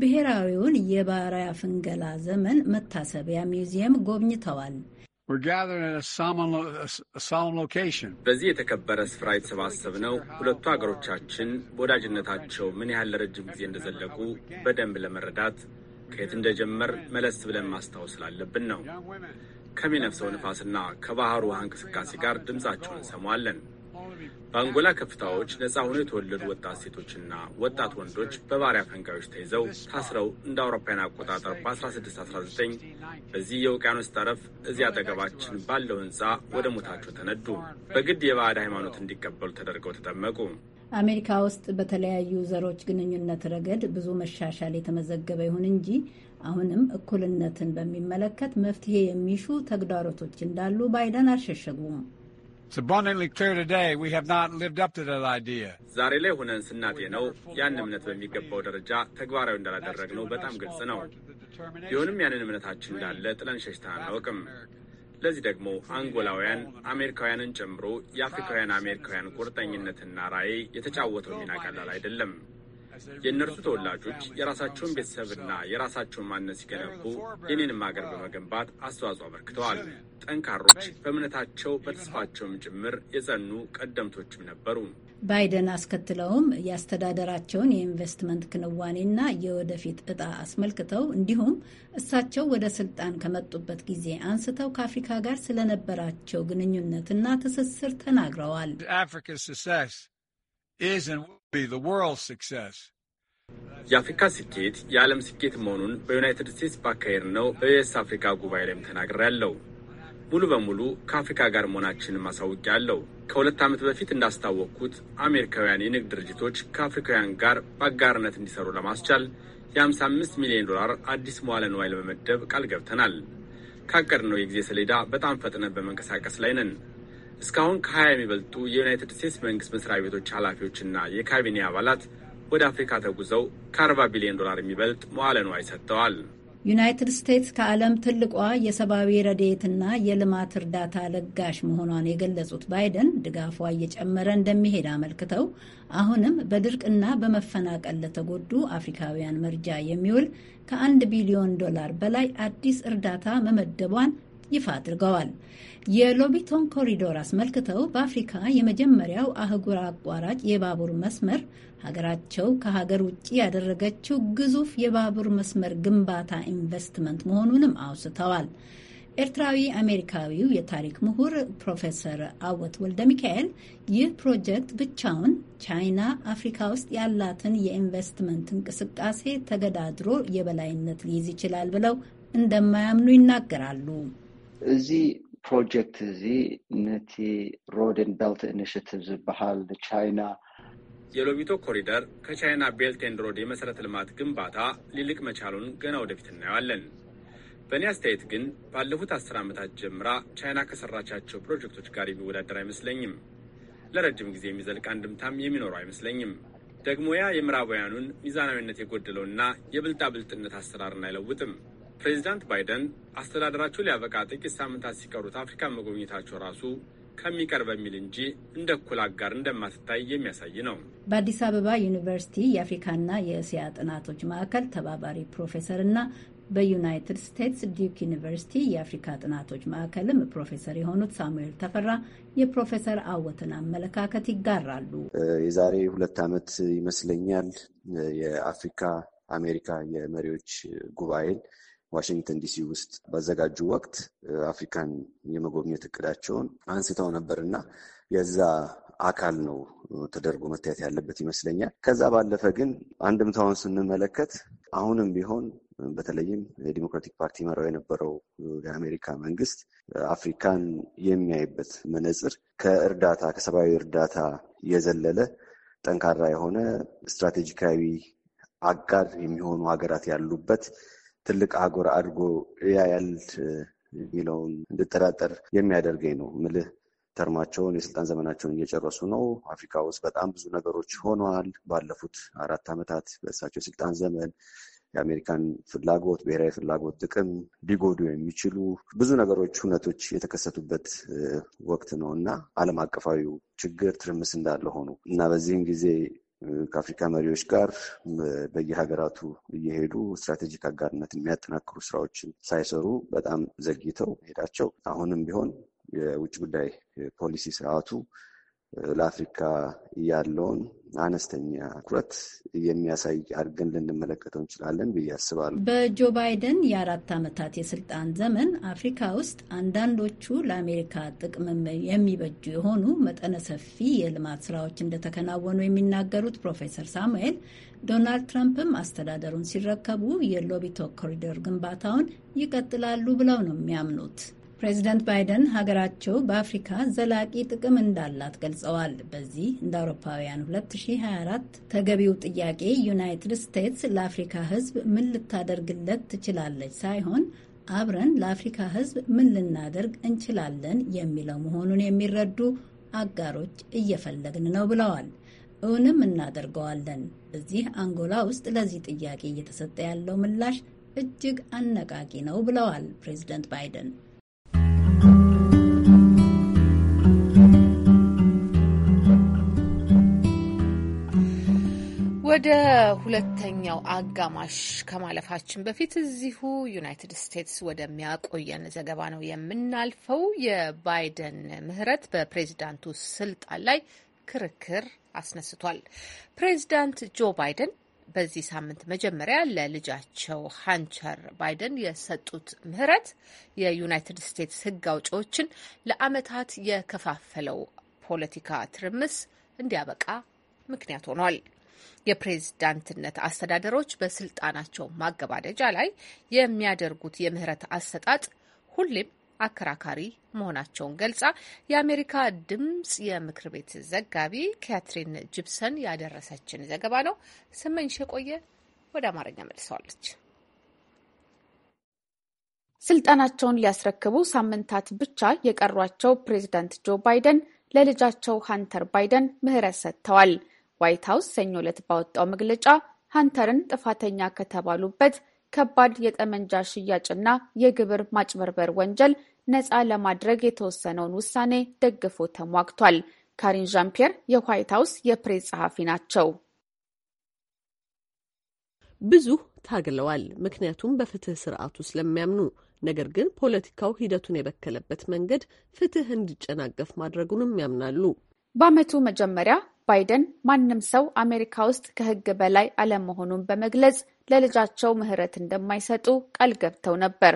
ብሔራዊውን የባሪያ ፍንገላ ዘመን መታሰቢያ ሚውዚየም ጎብኝተዋል። በዚህ የተከበረ ስፍራ ነው። ሁለቱ ሀገሮቻችን በወዳጅነታቸው ምን ያህል ለረጅም ጊዜ እንደዘለቁ በደንብ ለመረዳት ከየት እንደጀመር መለስ ብለን ማስታወስ ስላለብን ነው። ከሚነፍሰው ንፋስና ከባህሩ ውሃ እንቅስቃሴ ጋር ድምፃቸውን እንሰማዋለን። በአንጎላ ከፍታዎች ነፃ ሆነው የተወለዱ ወጣት ሴቶችና ወጣት ወንዶች በባሪያ ፈንጋዮች ተይዘው ታስረው እንደ አውሮፓውያን አቆጣጠር በ1619 በዚህ የውቅያኖስ ጠረፍ እዚያ አጠገባችን ባለው ህንፃ ወደ ሞታቸው ተነዱ። በግድ የባዕድ ሃይማኖት እንዲቀበሉ ተደርገው ተጠመቁ። አሜሪካ ውስጥ በተለያዩ ዘሮች ግንኙነት ረገድ ብዙ መሻሻል የተመዘገበ ይሁን እንጂ አሁንም እኩልነትን በሚመለከት መፍትሄ የሚሹ ተግዳሮቶች እንዳሉ ባይደን አልሸሸጉም። ዛሬ ላይ ሆነን ስናጤ ነው ያን እምነት በሚገባው ደረጃ ተግባራዊ እንዳላደረግነው በጣም ግልጽ ነው። ቢሆንም ያንን እምነታችን እንዳለ ጥለን ሸሽተን አናውቅም። ለዚህ ደግሞ አንጎላውያን አሜሪካውያንን ጨምሮ የአፍሪካውያን አሜሪካውያን ቁርጠኝነትና ራዕይ የተጫወተው ሚና ቀላል አይደለም። የእነርሱ ተወላጆች የራሳቸውን ቤተሰብና የራሳቸውን ማንነት ሲገነቡ የኔንም ሀገር በመገንባት አስተዋጽኦ አበርክተዋል። ጠንካሮች፣ በእምነታቸው በተስፋቸውም ጭምር የጸኑ ቀደምቶችም ነበሩ። ባይደን አስከትለውም የአስተዳደራቸውን የኢንቨስትመንት ክንዋኔና የወደፊት እጣ አስመልክተው እንዲሁም እሳቸው ወደ ስልጣን ከመጡበት ጊዜ አንስተው ከአፍሪካ ጋር ስለነበራቸው ግንኙነትና ትስስር ተናግረዋል። የአፍሪካ ስኬት የዓለም ስኬት መሆኑን በዩናይትድ ስቴትስ ነው በዩኤስ አፍሪካ ጉባኤ ላይም ያለው ሙሉ በሙሉ ከአፍሪካ ጋር መሆናችንን ያለው ከሁለት ዓመት በፊት እንዳስታወቅኩት አሜሪካውያን የንግድ ድርጅቶች ከአፍሪካውያን ጋር በአጋርነት እንዲሰሩ ለማስቻል የ55 ሚሊዮን ዶላር አዲስ መዋለ ንዋይ ለመመደብ ቃል ገብተናል። ካቀድነው የጊዜ ሰሌዳ በጣም ፈጥነን በመንቀሳቀስ ላይ ነን። እስካሁን ከሀያ የሚበልጡ የዩናይትድ ስቴትስ መንግስት መስሪያ ቤቶች ኃላፊዎችና የካቢኔ አባላት ወደ አፍሪካ ተጉዘው ከ40 ቢሊዮን ዶላር የሚበልጥ መዋለ ንዋይ ሰጥተዋል። ዩናይትድ ስቴትስ ከዓለም ትልቋ የሰብአዊ ረድኤትና የልማት እርዳታ ለጋሽ መሆኗን የገለጹት ባይደን ድጋፏ እየጨመረ እንደሚሄድ አመልክተው አሁንም በድርቅና በመፈናቀል ለተጎዱ አፍሪካውያን መርጃ የሚውል ከአንድ ቢሊዮን ዶላር በላይ አዲስ እርዳታ መመደቧን ይፋ አድርገዋል። የሎቢቶን ኮሪዶር አስመልክተው በአፍሪካ የመጀመሪያው አህጉር አቋራጭ የባቡር መስመር ሀገራቸው ከሀገር ውጭ ያደረገችው ግዙፍ የባቡር መስመር ግንባታ ኢንቨስትመንት መሆኑንም አውስተዋል። ኤርትራዊ አሜሪካዊው የታሪክ ምሁር ፕሮፌሰር አወት ወልደ ሚካኤል ይህ ፕሮጀክት ብቻውን ቻይና አፍሪካ ውስጥ ያላትን የኢንቨስትመንት እንቅስቃሴ ተገዳድሮ የበላይነት ሊይዝ ይችላል ብለው እንደማያምኑ ይናገራሉ። እዚህ ፕሮጀክት እዚ ነቲ ሮድን በልት ኢኒሽቲቭ ዝበሃል ቻይና የሎቢቶ ኮሪደር ከቻይና ቤልት ኤንድ ሮድ የመሰረተ ልማት ግንባታ ሊልቅ መቻሉን ገና ወደፊት እናየዋለን። በእኔ አስተያየት ግን ባለፉት አስር ዓመታት ጀምራ ቻይና ከሰራቻቸው ፕሮጀክቶች ጋር የሚወዳደር አይመስለኝም። ለረጅም ጊዜ የሚዘልቅ አንድምታም የሚኖረው አይመስለኝም። ደግሞ ያ የምዕራባውያኑን ሚዛናዊነት የጎደለውና የብልጣብልጥነት አሰራርን አይለውጥም። ፕሬዚዳንት ባይደን አስተዳደራቸው ሊያበቃ ጥቂት ሳምንታት ሲቀሩት አፍሪካ መጎብኘታቸው ራሱ ከሚቀር በሚል እንጂ እንደ እኩል አጋር እንደማትታይ የሚያሳይ ነው። በአዲስ አበባ ዩኒቨርሲቲ የአፍሪካና የእስያ ጥናቶች ማዕከል ተባባሪ ፕሮፌሰር እና በዩናይትድ ስቴትስ ዲዩክ ዩኒቨርሲቲ የአፍሪካ ጥናቶች ማዕከልም ፕሮፌሰር የሆኑት ሳሙኤል ተፈራ የፕሮፌሰር አወትን አመለካከት ይጋራሉ። የዛሬ ሁለት ዓመት ይመስለኛል የአፍሪካ አሜሪካ የመሪዎች ጉባኤን ዋሽንግተን ዲሲ ውስጥ ባዘጋጁ ወቅት አፍሪካን የመጎብኘት እቅዳቸውን አንስተው ነበር እና የዛ አካል ነው ተደርጎ መታየት ያለበት ይመስለኛል። ከዛ ባለፈ ግን አንድምታውን ስንመለከት አሁንም ቢሆን በተለይም የዲሞክራቲክ ፓርቲ መራው የነበረው የአሜሪካ መንግስት አፍሪካን የሚያይበት መነጽር ከእርዳታ ከሰብአዊ እርዳታ የዘለለ ጠንካራ የሆነ ስትራቴጂካዊ አጋር የሚሆኑ ሀገራት ያሉበት ትልቅ አህጉር አድርጎ ያያል የሚለውን እንድጠራጠር የሚያደርገኝ ነው ምልህ ተርማቸውን የስልጣን ዘመናቸውን እየጨረሱ ነው። አፍሪካ ውስጥ በጣም ብዙ ነገሮች ሆነዋል። ባለፉት አራት ዓመታት በእሳቸው የስልጣን ዘመን የአሜሪካን ፍላጎት፣ ብሔራዊ ፍላጎት፣ ጥቅም ሊጎዱ የሚችሉ ብዙ ነገሮች፣ እውነቶች የተከሰቱበት ወቅት ነው እና ዓለም አቀፋዊ ችግር ትርምስ እንዳለ ሆኑ እና በዚህም ጊዜ ከአፍሪካ መሪዎች ጋር በየሀገራቱ እየሄዱ ስትራቴጂክ አጋርነት የሚያጠናክሩ ስራዎችን ሳይሰሩ በጣም ዘግይተው መሄዳቸው አሁንም ቢሆን የውጭ ጉዳይ ፖሊሲ ስርዓቱ ለአፍሪካ ያለውን አነስተኛ ትኩረት የሚያሳይ አድርገን ልንመለከተው እንችላለን ብዬ አስባለሁ። በጆ ባይደን የአራት ዓመታት የስልጣን ዘመን አፍሪካ ውስጥ አንዳንዶቹ ለአሜሪካ ጥቅምም የሚበጁ የሆኑ መጠነ ሰፊ የልማት ስራዎች እንደተከናወኑ የሚናገሩት ፕሮፌሰር ሳሙኤል ዶናልድ ትራምፕም አስተዳደሩን ሲረከቡ የሎቢቶ ኮሪደር ግንባታውን ይቀጥላሉ ብለው ነው የሚያምኑት። ፕሬዚደንት ባይደን ሀገራቸው በአፍሪካ ዘላቂ ጥቅም እንዳላት ገልጸዋል። በዚህ እንደ አውሮፓውያን 2024 ተገቢው ጥያቄ ዩናይትድ ስቴትስ ለአፍሪካ ሕዝብ ምን ልታደርግለት ትችላለች ሳይሆን አብረን ለአፍሪካ ሕዝብ ምን ልናደርግ እንችላለን የሚለው መሆኑን የሚረዱ አጋሮች እየፈለግን ነው ብለዋል። እውንም እናደርገዋለን። እዚህ አንጎላ ውስጥ ለዚህ ጥያቄ እየተሰጠ ያለው ምላሽ እጅግ አነቃቂ ነው ብለዋል ፕሬዚደንት ባይደን። ወደ ሁለተኛው አጋማሽ ከማለፋችን በፊት እዚሁ ዩናይትድ ስቴትስ ወደሚያቆየን ዘገባ ነው የምናልፈው። የባይደን ምህረት በፕሬዚዳንቱ ስልጣን ላይ ክርክር አስነስቷል። ፕሬዚዳንት ጆ ባይደን በዚህ ሳምንት መጀመሪያ ለልጃቸው ሃንቸር ባይደን የሰጡት ምህረት የዩናይትድ ስቴትስ ሕግ አውጪዎችን ለአመታት የከፋፈለው ፖለቲካ ትርምስ እንዲያበቃ ምክንያት ሆኗል። የፕሬዝዳንትነት አስተዳደሮች በስልጣናቸው ማገባደጃ ላይ የሚያደርጉት የምህረት አሰጣጥ ሁሌም አከራካሪ መሆናቸውን ገልጻ የአሜሪካ ድምጽ የምክር ቤት ዘጋቢ ካትሪን ጂፕሰን ያደረሰችን ዘገባ ነው። ስመኝሽ የቆየ ወደ አማርኛ መልሰዋለች። ስልጣናቸውን ሊያስረክቡ ሳምንታት ብቻ የቀሯቸው ፕሬዚዳንት ጆ ባይደን ለልጃቸው ሀንተር ባይደን ምህረት ሰጥተዋል። ዋይት ሀውስ ሰኞ ዕለት ባወጣው መግለጫ ሀንተርን ጥፋተኛ ከተባሉበት ከባድ የጠመንጃ ሽያጭና የግብር ማጭበርበር ወንጀል ነፃ ለማድረግ የተወሰነውን ውሳኔ ደግፎ ተሟግቷል። ካሪን ዣምፒር የዋይት ሀውስ የፕሬስ ጸሐፊ ናቸው። ብዙ ታግለዋል፣ ምክንያቱም በፍትህ ስርዓቱ ስለሚያምኑ ነገር ግን ፖለቲካው ሂደቱን የበከለበት መንገድ ፍትህ እንዲጨናገፍ ማድረጉንም ያምናሉ። በዓመቱ መጀመሪያ ባይደን ማንም ሰው አሜሪካ ውስጥ ከህግ በላይ አለመሆኑን በመግለጽ ለልጃቸው ምህረት እንደማይሰጡ ቃል ገብተው ነበር።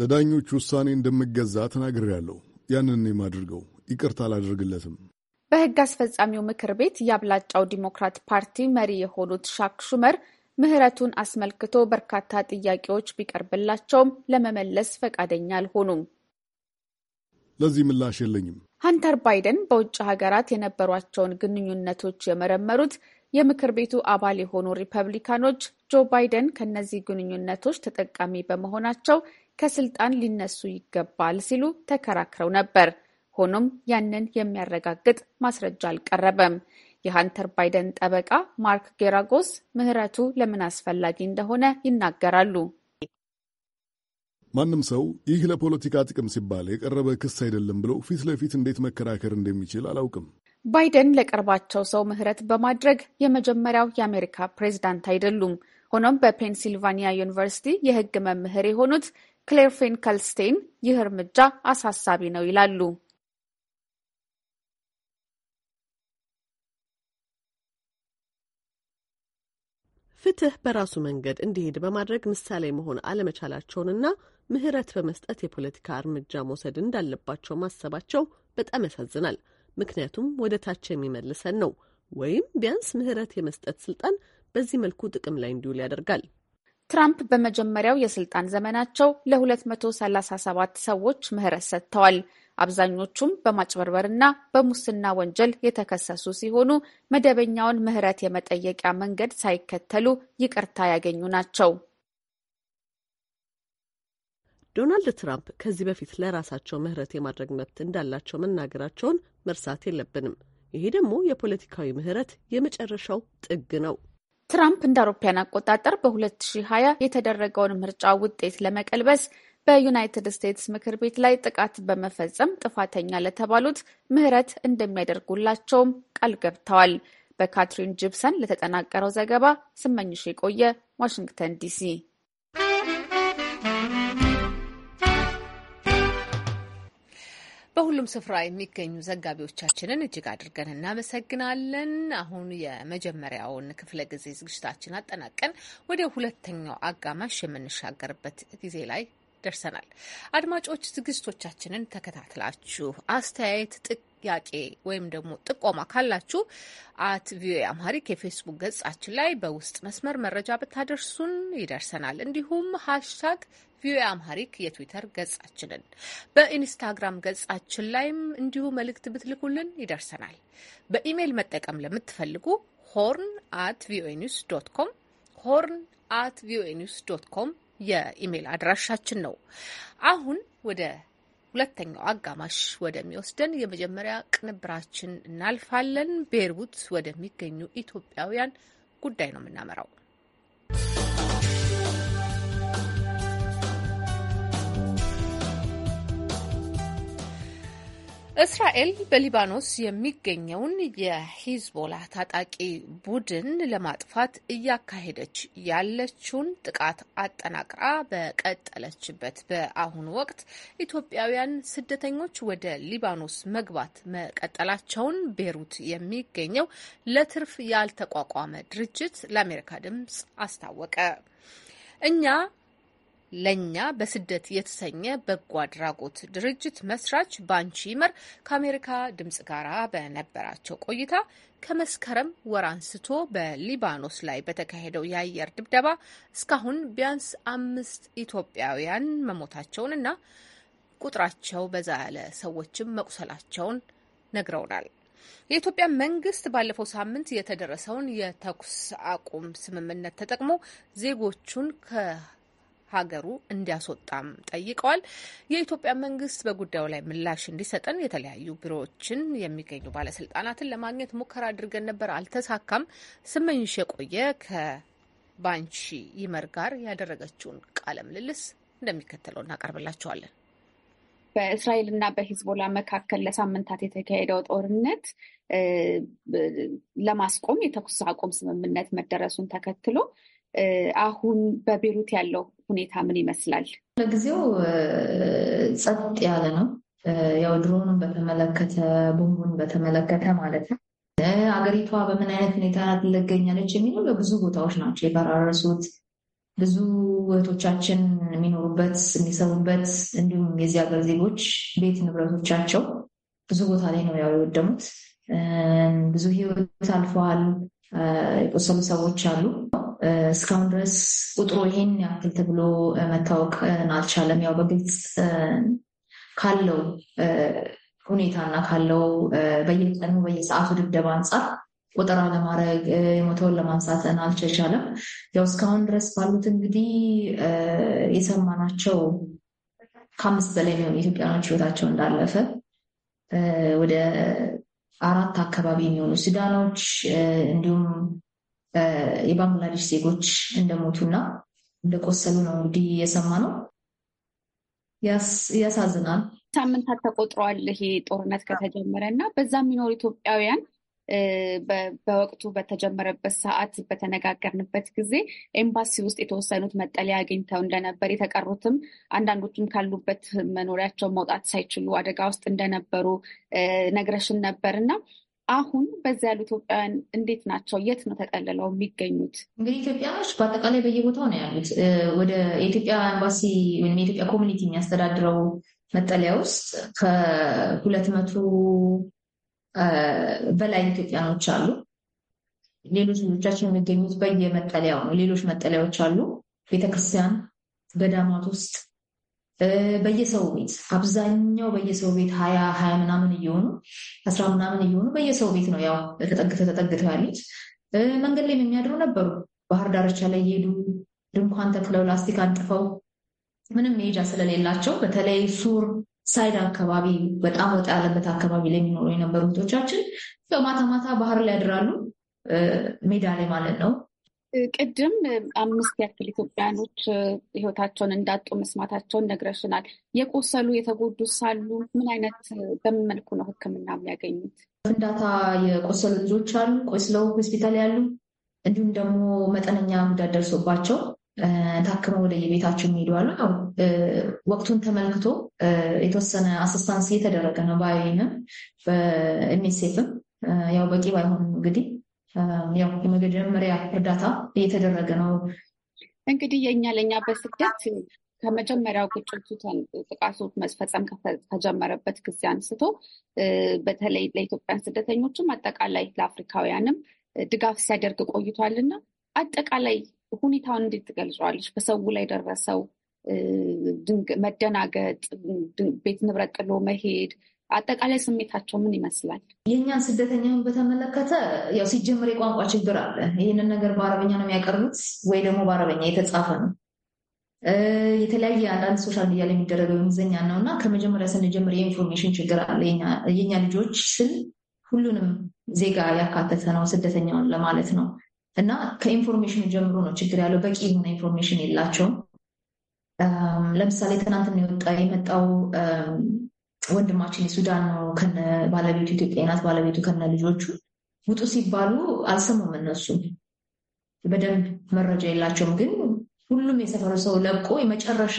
ለዳኞች ውሳኔ እንደምገዛ ተናግሬያለሁ። ያንን የማድርገው ይቅርታ አላደርግለትም። በህግ አስፈጻሚው ምክር ቤት የአብላጫው ዲሞክራት ፓርቲ መሪ የሆኑት ሻክ ሹመር ምህረቱን አስመልክቶ በርካታ ጥያቄዎች ቢቀርብላቸውም ለመመለስ ፈቃደኛ አልሆኑም። ለዚህ ምላሽ የለኝም ሀንተር ባይደን በውጭ ሀገራት የነበሯቸውን ግንኙነቶች የመረመሩት የምክር ቤቱ አባል የሆኑ ሪፐብሊካኖች ጆ ባይደን ከእነዚህ ግንኙነቶች ተጠቃሚ በመሆናቸው ከስልጣን ሊነሱ ይገባል ሲሉ ተከራክረው ነበር። ሆኖም ያንን የሚያረጋግጥ ማስረጃ አልቀረበም። የሀንተር ባይደን ጠበቃ ማርክ ጌራጎስ ምህረቱ ለምን አስፈላጊ እንደሆነ ይናገራሉ። ማንም ሰው ይህ ለፖለቲካ ጥቅም ሲባል የቀረበ ክስ አይደለም ብሎ ፊት ለፊት እንዴት መከራከር እንደሚችል አላውቅም። ባይደን ለቀርባቸው ሰው ምህረት በማድረግ የመጀመሪያው የአሜሪካ ፕሬዝዳንት አይደሉም። ሆኖም በፔንሲልቫኒያ ዩኒቨርሲቲ የህግ መምህር የሆኑት ክሌር ፊንከልስቴን ይህ እርምጃ አሳሳቢ ነው ይላሉ። ፍትህ በራሱ መንገድ እንዲሄድ በማድረግ ምሳሌ መሆን አለመቻላቸውንና ምህረት በመስጠት የፖለቲካ እርምጃ መውሰድ እንዳለባቸው ማሰባቸው በጣም ያሳዝናል። ምክንያቱም ወደ ታች የሚመልሰን ነው፣ ወይም ቢያንስ ምህረት የመስጠት ስልጣን በዚህ መልኩ ጥቅም ላይ እንዲውል ያደርጋል። ትራምፕ በመጀመሪያው የስልጣን ዘመናቸው ለ237 ሰዎች ምህረት ሰጥተዋል። አብዛኞቹም በማጭበርበርና በሙስና ወንጀል የተከሰሱ ሲሆኑ መደበኛውን ምህረት የመጠየቂያ መንገድ ሳይከተሉ ይቅርታ ያገኙ ናቸው። ዶናልድ ትራምፕ ከዚህ በፊት ለራሳቸው ምህረት የማድረግ መብት እንዳላቸው መናገራቸውን መርሳት የለብንም። ይሄ ደግሞ የፖለቲካዊ ምህረት የመጨረሻው ጥግ ነው። ትራምፕ እንደ አውሮፓያን አቆጣጠር በ2020 የተደረገውን ምርጫ ውጤት ለመቀልበስ በዩናይትድ ስቴትስ ምክር ቤት ላይ ጥቃት በመፈጸም ጥፋተኛ ለተባሉት ምህረት እንደሚያደርጉላቸውም ቃል ገብተዋል። በካትሪን ጂፕሰን ለተጠናቀረው ዘገባ ስመኝሽ የቆየ ዋሽንግተን ዲሲ በሁሉም ስፍራ የሚገኙ ዘጋቢዎቻችንን እጅግ አድርገን እናመሰግናለን። አሁን የመጀመሪያውን ክፍለ ጊዜ ዝግጅታችን አጠናቀን ወደ ሁለተኛው አጋማሽ የምንሻገርበት ጊዜ ላይ ደርሰናል። አድማጮች ዝግጅቶቻችንን ተከታትላችሁ አስተያየት ጥያቄ ወይም ደግሞ ጥቆማ ካላችሁ አት ቪኦኤ አማሪክ የፌስቡክ ገጻችን ላይ በውስጥ መስመር መረጃ ብታደርሱን ይደርሰናል። እንዲሁም ሀሽታግ ቪኦኤ አምሃሪክ የትዊተር ገጻችንን በኢንስታግራም ገጻችን ላይም እንዲሁ መልእክት ብትልኩልን ይደርሰናል። በኢሜይል መጠቀም ለምትፈልጉ ሆርን አት ቪኦኤ ኒውስ ዶት ኮም ሆርን አት ቪኦኤ ኒውስ ዶት ኮም የኢሜይል አድራሻችን ነው። አሁን ወደ ሁለተኛው አጋማሽ ወደሚወስደን የመጀመሪያ ቅንብራችን እናልፋለን። ቤይሩት ወደሚገኙ ኢትዮጵያውያን ጉዳይ ነው የምናመራው። እስራኤል በሊባኖስ የሚገኘውን የሂዝቦላ ታጣቂ ቡድን ለማጥፋት እያካሄደች ያለችውን ጥቃት አጠናቅራ በቀጠለችበት በአሁኑ ወቅት ኢትዮጵያውያን ስደተኞች ወደ ሊባኖስ መግባት መቀጠላቸውን ቤሩት የሚገኘው ለትርፍ ያልተቋቋመ ድርጅት ለአሜሪካ ድምጽ አስታወቀ። እኛ ለእኛ በስደት የተሰኘ በጎ አድራጎት ድርጅት መስራች ባንቺ ይመር ከአሜሪካ ድምጽ ጋር በነበራቸው ቆይታ ከመስከረም ወር አንስቶ በሊባኖስ ላይ በተካሄደው የአየር ድብደባ እስካሁን ቢያንስ አምስት ኢትዮጵያውያን መሞታቸውን እና ቁጥራቸው በዛ ያለ ሰዎችም መቁሰላቸውን ነግረውናል። የኢትዮጵያ መንግስት ባለፈው ሳምንት የተደረሰውን የተኩስ አቁም ስምምነት ተጠቅሞ ዜጎቹን ከ ሀገሩ እንዲያስወጣም ጠይቀዋል። የኢትዮጵያ መንግስት በጉዳዩ ላይ ምላሽ እንዲሰጠን የተለያዩ ቢሮዎችን የሚገኙ ባለስልጣናትን ለማግኘት ሙከራ አድርገን ነበር፣ አልተሳካም። ስመኝሽ የቆየ ከባንቺ ይመር ጋር ያደረገችውን ቃለ ምልልስ እንደሚከተለው እናቀርብላቸዋለን። በእስራኤል እና በሂዝቦላ መካከል ለሳምንታት የተካሄደው ጦርነት ለማስቆም የተኩስ አቁም ስምምነት መደረሱን ተከትሎ አሁን በቤሩት ያለው ሁኔታ ምን ይመስላል? ለጊዜው ጸጥ ያለ ነው። ያው ድሮኑን በተመለከተ ቦምቡን በተመለከተ ማለት ነው። አገሪቷ በምን አይነት ሁኔታ ትለገኛለች የሚለው በብዙ ቦታዎች ናቸው የፈራረሱት። ብዙ እህቶቻችን የሚኖሩበት የሚሰሩበት፣ እንዲሁም የዚህ ሀገር ዜጎች ቤት ንብረቶቻቸው ብዙ ቦታ ላይ ነው ያው የወደሙት። ብዙ ህይወት አልፈዋል። የቆሰሉ ሰዎች አሉ። እስካሁን ድረስ ቁጥሩ ይሄን ያክል ተብሎ መታወቅ አልቻለም። ያው በግልጽ ካለው ሁኔታና ካለው በየቀኑ በየሰዓቱ ድብደባ አንጻር ቆጠራ ለማድረግ የሞተውን ለማንሳት አልተቻለም። ያው እስካሁን ድረስ ባሉት እንግዲህ የሰማናቸው ከአምስት በላይ የሚሆኑ ኢትዮጵያኖች ህይወታቸው እንዳለፈ ወደ አራት አካባቢ የሚሆኑ ሱዳኖች እንዲሁም የባንግላዴሽ ዜጎች እንደሞቱና እንደቆሰሉ ነው እንግዲህ እየሰማ ነው። ያሳዝናል። ሳምንታት ተቆጥረዋል ይሄ ጦርነት ከተጀመረ እና በዛ የሚኖሩ ኢትዮጵያውያን በወቅቱ በተጀመረበት ሰዓት በተነጋገርንበት ጊዜ ኤምባሲ ውስጥ የተወሰኑት መጠለያ አግኝተው እንደነበር የተቀሩትም አንዳንዶቹም ካሉበት መኖሪያቸው መውጣት ሳይችሉ አደጋ ውስጥ እንደነበሩ ነግረሽን ነበር እና አሁን በዚ ያሉ ኢትዮጵያውያን እንዴት ናቸው? የት ነው ተጠልለው የሚገኙት? እንግዲህ ኢትዮጵያኖች በአጠቃላይ በየቦታው ነው ያሉት። ወደ የኢትዮጵያ ኤምባሲ ወይም የኢትዮጵያ ኮሚኒቲ የሚያስተዳድረው መጠለያ ውስጥ ከሁለት መቶ በላይ ኢትዮጵያኖች አሉ። ሌሎች ልጆቻችን የሚገኙት በየመጠለያው ነው። ሌሎች መጠለያዎች አሉ፣ ቤተክርስቲያን ገዳማት ውስጥ በየሰው ቤት አብዛኛው በየሰው ቤት ሀያ ሀያ ምናምን እየሆኑ አስራ ምናምን እየሆኑ በየሰው ቤት ነው ያው ተጠግተው ተጠግተው ያሉት። መንገድ ላይ የሚያድሩ ነበሩ። ባህር ዳርቻ ላይ እየሄዱ ድንኳን ተክለው ላስቲክ አንጥፈው ምንም መሄጃ ስለሌላቸው በተለይ ሱር ሳይድ አካባቢ በጣም ወጣ ያለበት አካባቢ ላይ የሚኖሩ የነበሩ ቶቻችን ማታ ማታ ባህር ላይ ያድራሉ፣ ሜዳ ላይ ማለት ነው። ቅድም አምስት ያክል ኢትዮጵያኖች ህይወታቸውን እንዳጡ መስማታቸውን ነግረሽናል። የቆሰሉ የተጎዱ ሳሉ ምን አይነት በምን መልኩ ነው ህክምና የሚያገኙት? ፍንዳታ የቆሰሉ ልጆች አሉ፣ ቆስለው ሆስፒታል ያሉ እንዲሁም ደግሞ መጠነኛ ጉዳት ደርሶባቸው ታክመው ወደ የቤታቸው የሚሄዱ አሉ። ያው ወቅቱን ተመልክቶ የተወሰነ አሰስታንስ እየተደረገ ነው። በአይንም በኤምኤስኤፍም ያው በቂ ባይሆንም እንግዲህ ያው የመጀመሪያ እርዳታ እየተደረገ ነው። እንግዲህ የእኛ ለእኛ በስደት ከመጀመሪያው ግጭቱ ጥቃቶች መስፈጸም ከጀመረበት ጊዜ አንስቶ በተለይ ለኢትዮጵያን ስደተኞችም አጠቃላይ ለአፍሪካውያንም ድጋፍ ሲያደርግ ቆይቷል እና አጠቃላይ ሁኔታውን እንዴት ትገልጸዋለች? በሰው ላይ ደረሰው መደናገጥ፣ ቤት ንብረት ጥሎ መሄድ፣ አጠቃላይ ስሜታቸው ምን ይመስላል? የእኛን ስደተኛውን በተመለከተ ያው ሲጀምር የቋንቋ ችግር አለ። ይህንን ነገር በአረበኛ ነው የሚያቀርቡት ወይ ደግሞ በአረበኛ የተጻፈ ነው። የተለያየ አንዳንድ ሶሻል ሚዲያ ላይ የሚደረገው እንግሊዝኛ ነው እና ከመጀመሪያ ስንጀምር የኢንፎርሜሽን ችግር አለ። የእኛ ልጆች ስል ሁሉንም ዜጋ ያካተተ ነው ስደተኛውን ለማለት ነው እና ከኢንፎርሜሽኑ ጀምሮ ነው ችግር ያለው። በቂ የሆነ ኢንፎርሜሽን የላቸውም። ለምሳሌ ትናንት የወጣ የመጣው ወንድማችን የሱዳን ነው ከነ ባለቤቱ ኢትዮጵያ ናት ባለቤቱ ከነ ልጆቹ ውጡ ሲባሉ አልሰሙም። እነሱም በደንብ መረጃ የላቸውም። ግን ሁሉም የሰፈረ ሰው ለቆ የመጨረሻ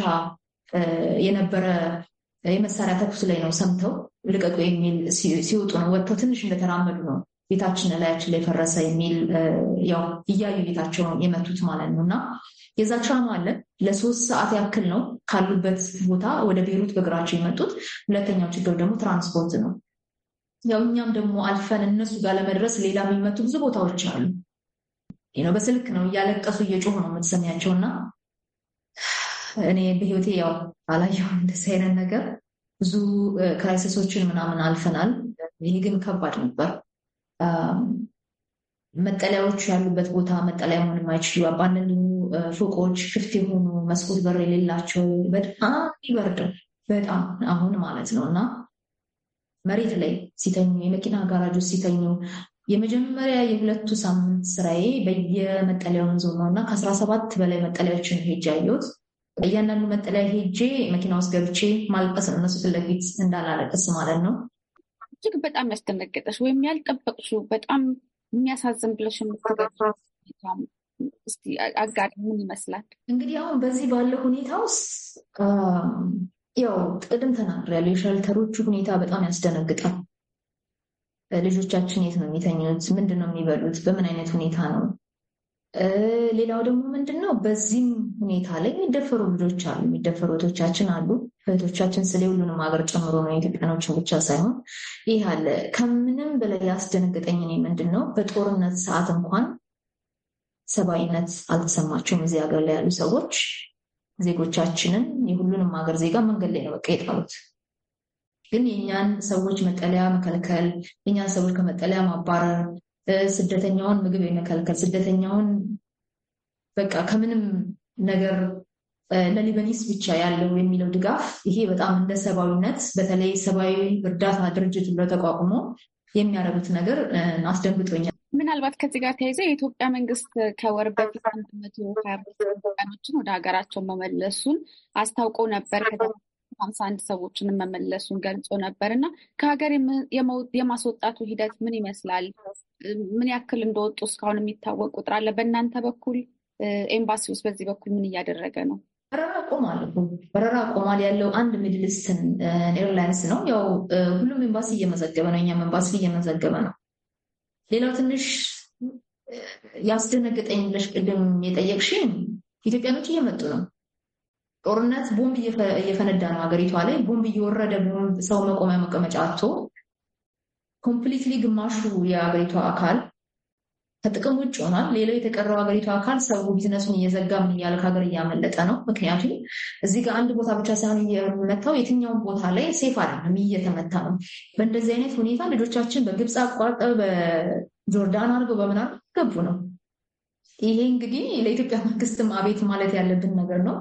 የነበረ የመሳሪያ ተኩስ ላይ ነው ሰምተው ልቀቁ የሚል ሲወጡ ነው። ወጥተው ትንሽ እንደተራመዱ ነው ቤታችን ላያችን ላይ ፈረሰ የሚል ያው እያዩ ቤታቸውን የመቱት ማለት ነው እና የዛቻም አለ። ለሶስት ሰዓት ያክል ነው ካሉበት ቦታ ወደ ቤሩት በእግራቸው የመጡት። ሁለተኛው ችግር ደግሞ ትራንስፖርት ነው። ያው እኛም ደግሞ አልፈን እነሱ ጋር ለመድረስ ሌላ የሚመጡ ብዙ ቦታዎች አሉ። ነው በስልክ ነው እያለቀሱ እየጮሁ ነው የምትሰሚያቸው። እና እኔ በህይወቴ ያው አላየሁ እንደዚህ አይነት ነገር ብዙ ክራይሲሶችን ምናምን አልፈናል። ይሄ ግን ከባድ ነበር። መጠለያዎቹ ያሉበት ቦታ መጠለያ መሆን የማይችሉ አባንን ፎቆች ክፍት የሆኑ መስኮት በር የሌላቸው በጣም ይበርዳል። በጣም አሁን ማለት ነው እና መሬት ላይ ሲተኙ የመኪና ጋራጆች ሲተኙ የመጀመሪያ የሁለቱ ሳምንት ስራዬ በየመጠለያውን ዞን ነው እና ከአስራ ሰባት በላይ መጠለያዎችን ሄጅ አየሁት። እያንዳንዱ መጠለያ ሄጄ መኪና ውስጥ ገብቼ ማልቀስ ነው እነሱ ፊት ለፊት እንዳላለቀስ ማለት ነው። እጅግ በጣም ያስደነገጠሽ ወይም ያልጠበቅሽው በጣም የሚያሳዝን ብለሽ እስቲ ምን ይመስላል? እንግዲህ አሁን በዚህ ባለው ሁኔታ ውስጥ ያው ቅድም ተናግሬያለሁ። የሸልተሮቹ ሁኔታ በጣም ያስደነግጣል። ልጆቻችን የት ነው የሚተኙት? ምንድን ነው የሚበሉት? በምን አይነት ሁኔታ ነው? ሌላው ደግሞ ምንድን ነው በዚህም ሁኔታ ላይ የሚደፈሩ ልጆች አሉ፣ የሚደፈሩ እህቶቻችን አሉ። እህቶቻችን ስለ ሁሉንም ሀገር ጨምሮ ነው የኢትዮጵያኖችን ብቻ ሳይሆን ይህ አለ። ከምንም በላይ ያስደነግጠኝ እኔ ምንድን ነው በጦርነት ሰዓት እንኳን ሰብአዊነት አልተሰማቸውም። እዚህ ሀገር ላይ ያሉ ሰዎች ዜጎቻችንን የሁሉንም ሀገር ዜጋ መንገድ ላይ ነው በቃ የጣሉት። ግን የእኛን ሰዎች መጠለያ መከልከል፣ የእኛን ሰዎች ከመጠለያ ማባረር፣ ስደተኛውን ምግብ የመከልከል ስደተኛውን በቃ ከምንም ነገር ለሊበኒስ ብቻ ያለው የሚለው ድጋፍ ይሄ በጣም እንደ ሰብአዊነት በተለይ ሰብአዊ እርዳታ ድርጅት ብለው ተቋቁሞ የሚያደርጉት ነገር አስደንግጦኛል። ምናልባት ከዚህ ጋር ተያይዘ የኢትዮጵያ መንግስት ከወር በፊት አንድ መቶ ሀያ ወደ ሀገራቸው መመለሱን አስታውቆ ነበር። ሀምሳ አንድ ሰዎችን መመለሱን ገልጾ ነበር እና ከሀገር የማስወጣቱ ሂደት ምን ይመስላል? ምን ያክል እንደወጡ እስካሁን የሚታወቅ ቁጥር አለ? በእናንተ በኩል ኤምባሲ ውስጥ በዚህ በኩል ምን እያደረገ ነው? በረራ ቆሟል በረራ ቆሟል ያለው አንድ ሚድልስትን ኤርላይንስ ነው። ያው ሁሉም ኤምባሲ እየመዘገበ ነው፣ እኛም ኤምባሲ እየመዘገበ ነው። ሌላው ትንሽ ያስደነግጠኝ ብለሽ ቅድም የጠየቅሽኝ ኢትዮጵያኖች እየመጡ ነው። ጦርነት ቦምብ እየፈነዳ ነው ሀገሪቷ ላይ ቦምብ እየወረደ ቦምብ ሰው መቆሚያ መቀመጫ አቶ ኮምፕሊትሊ ግማሹ የሀገሪቷ አካል ከጥቅም ውጭ ሆኗል። ሌላው የተቀረው ሀገሪቱ አካል ሰው ቢዝነሱን እየዘጋ ምን እያለ ከሀገር እያመለጠ ነው። ምክንያቱም እዚህ ጋር አንድ ቦታ ብቻ ሳይሆን እየመታው የትኛውም ቦታ ላይ ሴፍ አይደለም፣ እየተመታ ነው። በእንደዚህ አይነት ሁኔታ ልጆቻችን በግብፅ አቋርጠው በጆርዳን አድርገው በምና ገቡ ነው። ይሄ እንግዲህ ለኢትዮጵያ መንግስትም አቤት ማለት ያለብን ነገር ነው።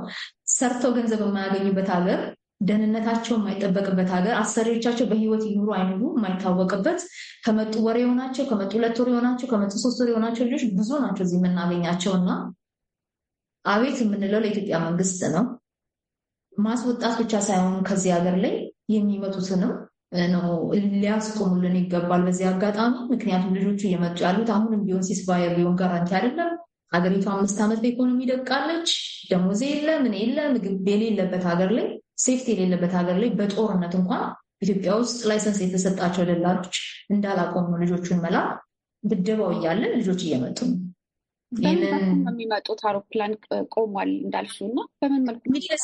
ሰርተው ገንዘብ የማያገኙበት ሀገር ደህንነታቸው የማይጠበቅበት ሀገር አሰሪዎቻቸው በህይወት ይኑሩ አይኑሩ የማይታወቅበት ከመጡ ወር የሆናቸው ከመጡ ሁለት ወር የሆናቸው ከመጡ ሶስት ወር የሆናቸው ልጆች ብዙ ናቸው እዚህ የምናገኛቸው እና አቤት የምንለው ለኢትዮጵያ መንግስት ነው። ማስወጣት ብቻ ሳይሆን ከዚህ ሀገር ላይ የሚመጡትንም ነው ሊያስቆሙልን ይገባል በዚህ አጋጣሚ። ምክንያቱም ልጆቹ እየመጡ ያሉት አሁንም ቢሆን ሲስባየር ቢሆን ጋራንቲ አይደለም። ሀገሪቱ አምስት ዓመት በኢኮኖሚ ደቃለች። ደሞዝ የለ ምን የለ ምግብ የሌለበት ሀገር ላይ ሴፍቲ የሌለበት ሀገር ላይ በጦርነት እንኳን ኢትዮጵያ ውስጥ ላይሰንስ የተሰጣቸው ደላሎች እንዳላቆሙ ልጆቹን መላ ብድባው እያለን ልጆች እየመጡ ነው የሚመጡት አውሮፕላን ቆሟል እንዳልሱ እና በምን መልኩ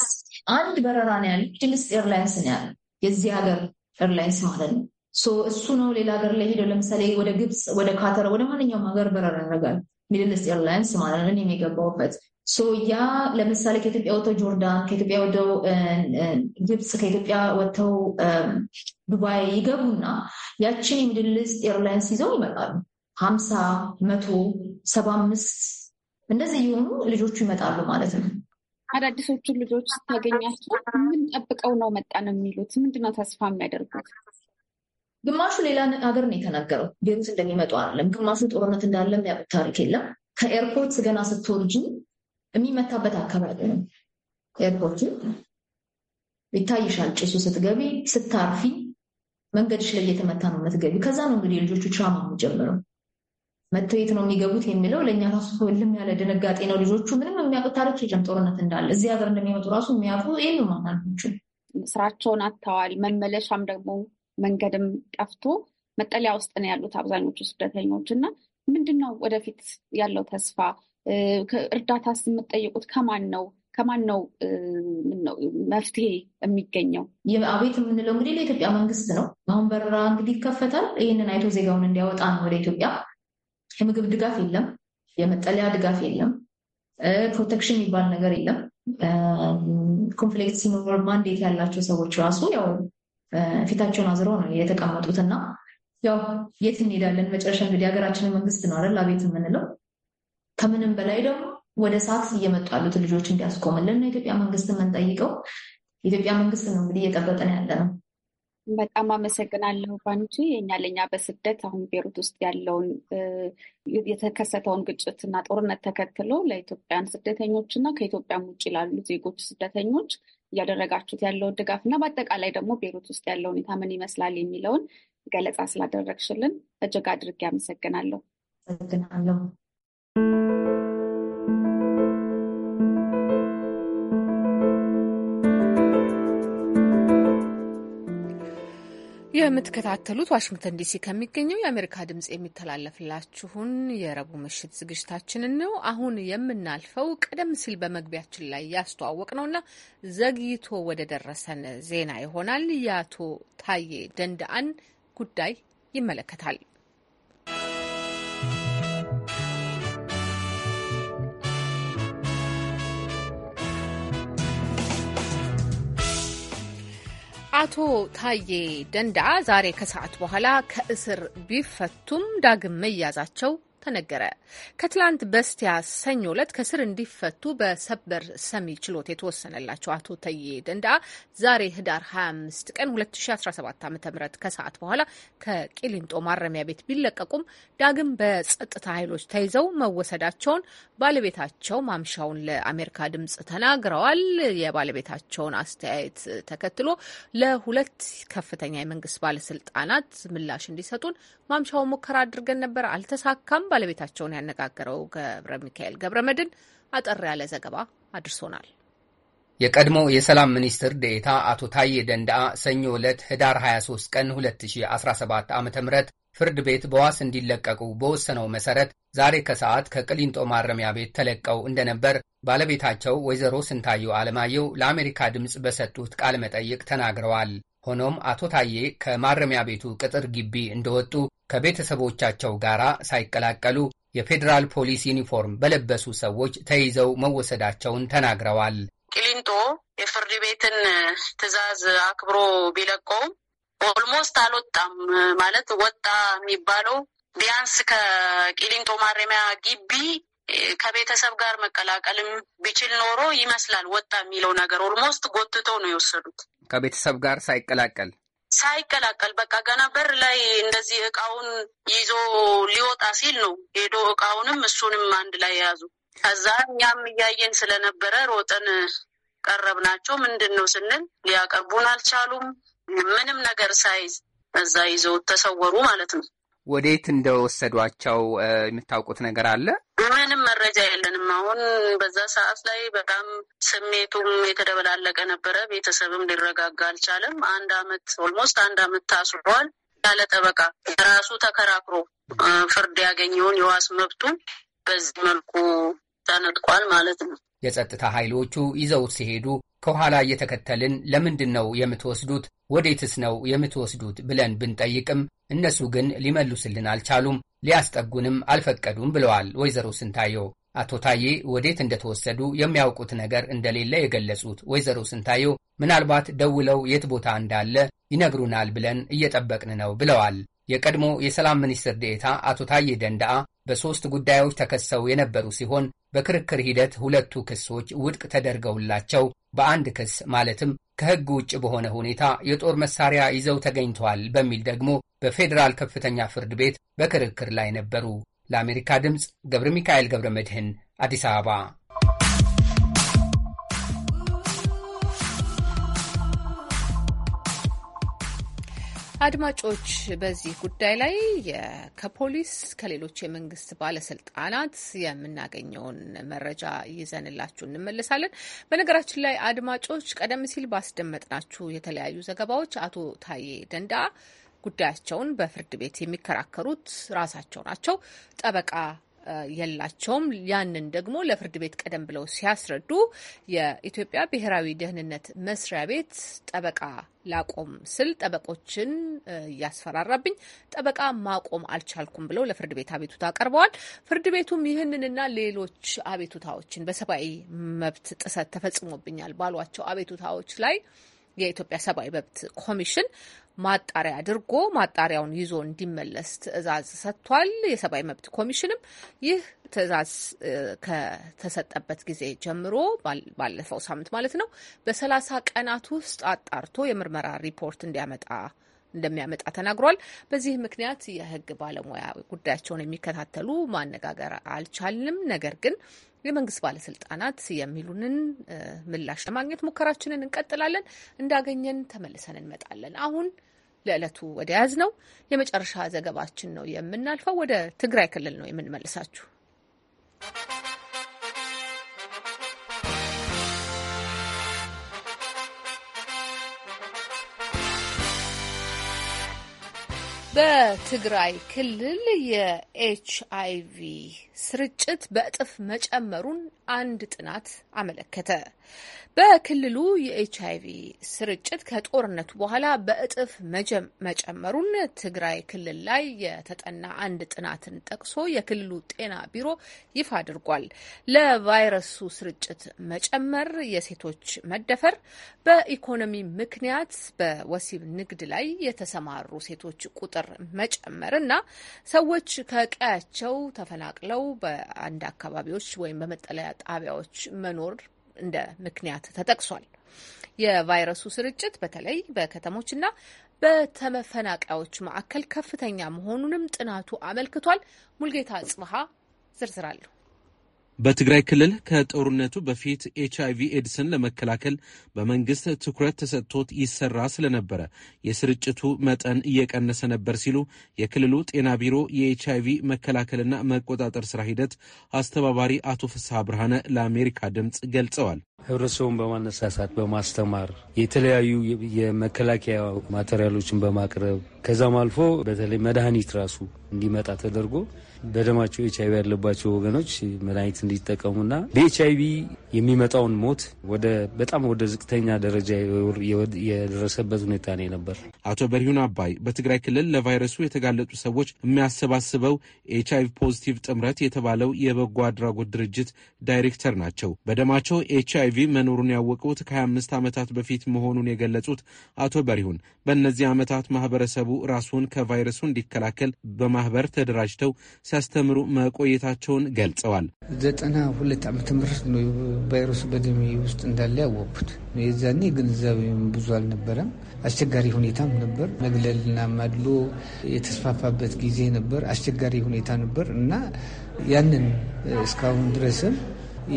አንድ በረራ ነው ያለ ግልጽ ኤርላይንስ ነው ያለ የዚህ ሀገር ኤርላይንስ ማለት ነው። እሱ ነው ሌላ ሀገር ላይ ሄደው ለምሳሌ ወደ ግብፅ፣ ወደ ካተር፣ ወደ ማንኛውም ሀገር በረራ ያደርጋል ሚድልስ ኤርላይንስ ማለት ነው። እኔም የገባሁበት ያ ለምሳሌ ከኢትዮጵያ ወጥተው ጆርዳን፣ ከኢትዮጵያ ወደው ግብፅ፣ ከኢትዮጵያ ወጥተው ዱባይ ይገቡና ያችን የሚድልስ ኤርላይንስ ይዘው ይመጣሉ። ሀምሳ መቶ ሰባ አምስት እንደዚህ የሆኑ ልጆቹ ይመጣሉ ማለት ነው። አዳዲሶቹን ልጆች ስታገኛቸው ምን ጠብቀው ነው ነው የሚሉት? ምንድነው ተስፋ የሚያደርጉት? ግማሹ ሌላ ሀገር ነው የተናገረው፣ ቤሩት እንደሚመጡ አይደለም። ግማሹ ጦርነት እንዳለም ያውቁት ታሪክ የለም። ከኤርፖርት ገና ስትወርጂ የሚመታበት አካባቢ ነው። ኤርፖርቱ ይታይሻል። ጭሱ ስትገቢ፣ ስታርፊ መንገድሽ ላይ እየተመታ ነው የምትገቢ። ከዛ ነው እንግዲህ ልጆቹ ትራማ የሚጀምረው መተየት ነው የሚገቡት የሚለው ለእኛ ራሱ ልም ያለ ድንጋጤ ነው። ልጆቹ ምንም የሚያውቁት ታሪክ የለም ጦርነት እንዳለ እዚህ ሀገር እንደሚመጡ ራሱ የሚያውቁ ይህ ማናልቹ ስራቸውን አጥተዋል። መመለሻም ደግሞ መንገድም ጠፍቶ መጠለያ ውስጥ ነው ያሉት አብዛኞቹ ስደተኞች እና ምንድን ነው ወደፊት ያለው ተስፋ እርዳታስ የምትጠይቁት ከማን ነው? ከማን ነው መፍትሄ የሚገኘው? አቤት የምንለው እንግዲህ ለኢትዮጵያ መንግስት ነው። አሁን በረራ እንግዲህ ይከፈታል። ይህንን አይቶ ዜጋውን እንዲያወጣ ነው ወደ ኢትዮጵያ። የምግብ ድጋፍ የለም፣ የመጠለያ ድጋፍ የለም፣ ፕሮቴክሽን የሚባል ነገር የለም። ኮንፍሌክት ሲኖር ማንዴት ያላቸው ሰዎች ራሱ ያው ፊታቸውን አዝረው ነው የተቀመጡት እና ያው የት እንሄዳለን? መጨረሻ እንግዲህ ሀገራችንን መንግስት ነው አይደል አቤት የምንለው ከምንም በላይ ደግሞ ወደ እሳት እየመጡ ያሉት ልጆች እንዲያስቆምልን ነው የኢትዮጵያ መንግስት የምንጠይቀው። የኢትዮጵያ መንግስት ነው እንግዲህ እየጠበቅን ያለ ነው። በጣም አመሰግናለሁ ባንቺ። የኛ ለኛ በስደት አሁን ቤሩት ውስጥ ያለውን የተከሰተውን ግጭትና ጦርነት ተከትሎ ለኢትዮጵያን ስደተኞች እና ከኢትዮጵያም ውጭ ላሉ ዜጎች ስደተኞች እያደረጋችሁት ያለውን ድጋፍ እና በአጠቃላይ ደግሞ ቤሩት ውስጥ ያለው ሁኔታ ምን ይመስላል የሚለውን ገለጻ ስላደረግሽልን እጅግ አድርጌ አመሰግናለሁ። አመሰግናለሁ። የምትከታተሉት ዋሽንግተን ዲሲ ከሚገኘው የአሜሪካ ድምጽ የሚተላለፍላችሁን የረቡዕ ምሽት ዝግጅታችንን ነው። አሁን የምናልፈው ቀደም ሲል በመግቢያችን ላይ ያስተዋወቅ ነውና ዘግይቶ ወደ ደረሰን ዜና ይሆናል። የአቶ ታዬ ደንደአን ጉዳይ ይመለከታል። አቶ ታዬ ደንዳ ዛሬ ከሰዓት በኋላ ከእስር ቢፈቱም ዳግም መያዛቸው ተነገረ። ከትላንት በስቲያ ሰኞ ዕለት ከስር እንዲፈቱ በሰበር ሰሚ ችሎት የተወሰነላቸው አቶ ተዬ ደንዳ ዛሬ ህዳር 25 ቀን 2017 ዓ ም ከሰዓት በኋላ ከቂሊንጦ ማረሚያ ቤት ቢለቀቁም ዳግም በጸጥታ ኃይሎች ተይዘው መወሰዳቸውን ባለቤታቸው ማምሻውን ለአሜሪካ ድምጽ ተናግረዋል። የባለቤታቸውን አስተያየት ተከትሎ ለሁለት ከፍተኛ የመንግስት ባለስልጣናት ምላሽ እንዲሰጡን ማምሻውን ሙከራ አድርገን ነበር፣ አልተሳካም። ባለቤታቸውን ያነጋገረው ገብረ ሚካኤል ገብረ መድን አጠር ያለ ዘገባ አድርሶናል። የቀድሞ የሰላም ሚኒስትር ዴኤታ አቶ ታዬ ደንዳአ ሰኞ ዕለት ህዳር 23 ቀን 2017 ዓ ም ፍርድ ቤት በዋስ እንዲለቀቁ በወሰነው መሰረት ዛሬ ከሰዓት ከቅሊንጦ ማረሚያ ቤት ተለቀው እንደነበር ባለቤታቸው ወይዘሮ ስንታየው አለማየው ለአሜሪካ ድምፅ በሰጡት ቃለ መጠይቅ ተናግረዋል። ሆኖም አቶ ታዬ ከማረሚያ ቤቱ ቅጥር ግቢ እንደወጡ ከቤተሰቦቻቸው ጋር ሳይቀላቀሉ የፌዴራል ፖሊስ ዩኒፎርም በለበሱ ሰዎች ተይዘው መወሰዳቸውን ተናግረዋል። ቅሊንጦ የፍርድ ቤትን ትዕዛዝ አክብሮ ቢለቀውም ኦልሞስት አልወጣም ማለት ወጣ የሚባለው ቢያንስ ከቅሊንጦ ማረሚያ ግቢ ከቤተሰብ ጋር መቀላቀልም ቢችል ኖሮ ይመስላል ወጣ የሚለው ነገር ኦልሞስት ጎትተው ነው የወሰዱት ከቤተሰብ ጋር ሳይቀላቀል ሳይቀላቀል በቃ ገና በር ላይ እንደዚህ እቃውን ይዞ ሊወጣ ሲል ነው ሄዶ እቃውንም እሱንም አንድ ላይ የያዙ። ከዛ እኛም እያየን ስለነበረ ሮጠን ቀረብናቸው። ምንድን ነው ስንል ሊያቀርቡን አልቻሉም። ምንም ነገር ሳይዝ እዛ ይዘው ተሰወሩ ማለት ነው። ወዴት እንደወሰዷቸው የምታውቁት ነገር አለ? ምንም መረጃ የለንም። አሁን በዛ ሰዓት ላይ በጣም ስሜቱም የተደበላለቀ ነበረ። ቤተሰብም ሊረጋጋ አልቻለም። አንድ አመት ኦልሞስት አንድ አመት ታስሯል ያለ ጠበቃ ራሱ ተከራክሮ ፍርድ ያገኘውን የዋስ መብቱ በዚህ መልኩ ተነጥቋል ማለት ነው። የጸጥታ ኃይሎቹ ይዘውት ሲሄዱ ከኋላ እየተከተልን ለምንድን ነው የምትወስዱት ወዴትስ ነው የምትወስዱት ብለን ብንጠይቅም እነሱ ግን ሊመልሱልን አልቻሉም፣ ሊያስጠጉንም አልፈቀዱም ብለዋል ወይዘሮ ስንታየው። አቶ ታዬ ወዴት እንደተወሰዱ የሚያውቁት ነገር እንደሌለ የገለጹት ወይዘሮ ስንታየው ምናልባት ደውለው የት ቦታ እንዳለ ይነግሩናል ብለን እየጠበቅን ነው ብለዋል። የቀድሞ የሰላም ሚኒስትር ዴኤታ አቶ ታዬ ደንዳአ በሦስት ጉዳዮች ተከሰው የነበሩ ሲሆን በክርክር ሂደት ሁለቱ ክሶች ውድቅ ተደርገውላቸው በአንድ ክስ ማለትም ከሕግ ውጭ በሆነ ሁኔታ የጦር መሳሪያ ይዘው ተገኝተዋል በሚል ደግሞ በፌዴራል ከፍተኛ ፍርድ ቤት በክርክር ላይ ነበሩ። ለአሜሪካ ድምፅ ገብረ ሚካኤል ገብረ መድህን አዲስ አበባ አድማጮች በዚህ ጉዳይ ላይ ከፖሊስ ከሌሎች የመንግስት ባለስልጣናት የምናገኘውን መረጃ ይዘንላችሁ እንመለሳለን። በነገራችን ላይ አድማጮች ቀደም ሲል ባስደመጥናችሁ የተለያዩ ዘገባዎች አቶ ታዬ ደንዳ ጉዳያቸውን በፍርድ ቤት የሚከራከሩት ራሳቸው ናቸው። ጠበቃ የላቸውም። ያንን ደግሞ ለፍርድ ቤት ቀደም ብለው ሲያስረዱ የኢትዮጵያ ብሔራዊ ደህንነት መስሪያ ቤት ጠበቃ ላቆም ስል ጠበቆችን እያስፈራራብኝ ጠበቃ ማቆም አልቻልኩም ብለው ለፍርድ ቤት አቤቱታ አቀርበዋል። ፍርድ ቤቱም ይህንንና ሌሎች አቤቱታዎችን በሰብአዊ መብት ጥሰት ተፈጽሞብኛል ባሏቸው አቤቱታዎች ላይ የኢትዮጵያ ሰብአዊ መብት ኮሚሽን ማጣሪያ አድርጎ ማጣሪያውን ይዞ እንዲመለስ ትዕዛዝ ሰጥቷል። የሰብአዊ መብት ኮሚሽንም ይህ ትዕዛዝ ከተሰጠበት ጊዜ ጀምሮ ባለፈው ሳምንት ማለት ነው በሰላሳ ቀናት ውስጥ አጣርቶ የምርመራ ሪፖርት እንዲያመጣ እንደሚያመጣ ተናግሯል። በዚህ ምክንያት የህግ ባለሙያ ጉዳያቸውን የሚከታተሉ ማነጋገር አልቻልንም። ነገር ግን የመንግስት ባለስልጣናት የሚሉንን ምላሽ ለማግኘት ሙከራችንን እንቀጥላለን። እንዳገኘን ተመልሰን እንመጣለን። አሁን ለዕለቱ ወደ ያዝ ነው የመጨረሻ ዘገባችን ነው የምናልፈው። ወደ ትግራይ ክልል ነው የምንመልሳችሁ። በትግራይ ክልል የኤች አይ ቪ ስርጭት በእጥፍ መጨመሩን አንድ ጥናት አመለከተ። በክልሉ የኤች አይቪ ስርጭት ከጦርነቱ በኋላ በእጥፍ መጨመሩን ትግራይ ክልል ላይ የተጠና አንድ ጥናትን ጠቅሶ የክልሉ ጤና ቢሮ ይፋ አድርጓል። ለቫይረሱ ስርጭት መጨመር፣ የሴቶች መደፈር፣ በኢኮኖሚ ምክንያት በወሲብ ንግድ ላይ የተሰማሩ ሴቶች ቁጥር መጨመር እና ሰዎች ከቀያቸው ተፈናቅለው በአንድ አካባቢዎች ወይም በመጠለያ ጣቢያዎች መኖር እንደ ምክንያት ተጠቅሷል። የቫይረሱ ስርጭት በተለይ በከተሞችና በተመፈናቃዮች ማዕከል ከፍተኛ መሆኑንም ጥናቱ አመልክቷል። ሙልጌታ ጽብሃ ዝርዝራለሁ። በትግራይ ክልል ከጦርነቱ በፊት ኤች አይቪ ኤድስን ለመከላከል በመንግስት ትኩረት ተሰጥቶት ይሰራ ስለነበረ የስርጭቱ መጠን እየቀነሰ ነበር ሲሉ የክልሉ ጤና ቢሮ የኤች አይቪ መከላከልና መቆጣጠር ስራ ሂደት አስተባባሪ አቶ ፍስሐ ብርሃነ ለአሜሪካ ድምፅ ገልጸዋል። ህብረተሰቡን በማነሳሳት በማስተማር የተለያዩ የመከላከያ ማቴሪያሎችን በማቅረብ ከዛም አልፎ በተለይ መድኃኒት ራሱ እንዲመጣ ተደርጎ በደማቸው ኤች አይቪ ያለባቸው ወገኖች መድኃኒት እንዲጠቀሙና በኤች አይቪ የሚመጣውን ሞት ወደ በጣም ወደ ዝቅተኛ ደረጃ የደረሰበት ሁኔታ ነው ነበር። አቶ በሪሁን አባይ በትግራይ ክልል ለቫይረሱ የተጋለጡ ሰዎች የሚያሰባስበው ኤች አይቪ ፖዚቲቭ ጥምረት የተባለው የበጎ አድራጎት ድርጅት ዳይሬክተር ናቸው። በደማቸው ኤች አይቪ መኖሩን ያወቁት ከ25 ዓመታት በፊት መሆኑን የገለጹት አቶ በሪሁን በእነዚህ ዓመታት ማህበረሰቡ ራሱን ከቫይረሱ እንዲከላከል በማህበር ተደራጅተው ሲያስተምሩ መቆየታቸውን ገልጸዋል። ዘጠና ሁለት ዓመተ ምህረት ነው ቫይረሱ በደሜ ውስጥ እንዳለ ያወቅኩት። የዛኔ ግንዛቤ ብዙ አልነበረም። አስቸጋሪ ሁኔታም ነበር። መግለልና ማድሎ የተስፋፋበት ጊዜ ነበር። አስቸጋሪ ሁኔታ ነበር እና ያንን እስካሁን ድረስም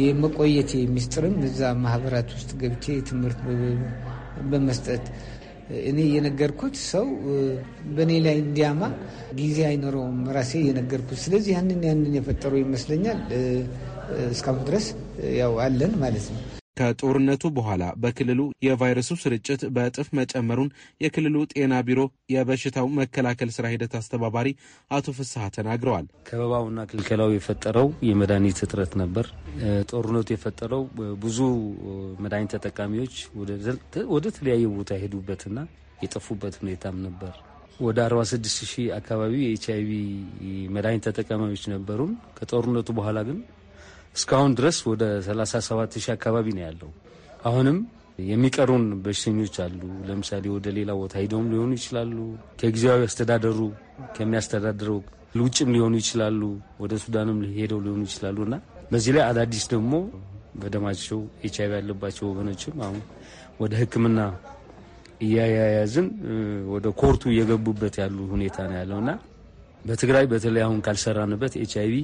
የመቆየቴ ሚስጥርም እዛ ማህበራት ውስጥ ገብቼ ትምህርት በመስጠት እኔ እየነገርኩት ሰው በእኔ ላይ እንዲያማ ጊዜ አይኖረውም፣ ራሴ እየነገርኩት። ስለዚህ ያንን ያንን የፈጠሩ ይመስለኛል። እስካሁን ድረስ ያው አለን ማለት ነው። ከጦርነቱ በኋላ በክልሉ የቫይረሱ ስርጭት በእጥፍ መጨመሩን የክልሉ ጤና ቢሮ የበሽታው መከላከል ስራ ሂደት አስተባባሪ አቶ ፍስሐ ተናግረዋል። ከበባውና ክልከላው የፈጠረው የመድኃኒት እጥረት ነበር። ጦርነቱ የፈጠረው ብዙ መድኃኒት ተጠቃሚዎች ወደ ተለያየ ቦታ የሄዱበትና የጠፉበት ሁኔታም ነበር። ወደ 46 ሺህ አካባቢ የኤች አይቪ መድኃኒት ተጠቃሚዎች ነበሩን። ከጦርነቱ በኋላ ግን እስካሁን ድረስ ወደ 37 ሺህ አካባቢ ነው ያለው። አሁንም የሚቀሩን በሽተኞች አሉ። ለምሳሌ ወደ ሌላ ቦታ ሄደውም ሊሆኑ ይችላሉ። ከጊዜያዊ አስተዳደሩ ከሚያስተዳድረው ውጭም ሊሆኑ ይችላሉ። ወደ ሱዳንም ሄደው ሊሆኑ ይችላሉ እና በዚህ ላይ አዳዲስ ደግሞ በደማቸው ኤች አይቪ ያለባቸው ወገኖችም አሁን ወደ ሕክምና እያያያዝን ወደ ኮርቱ እየገቡበት ያሉ ሁኔታ ነው ያለው እና በትግራይ በተለይ አሁን ካልሰራንበት ኤች አይቪ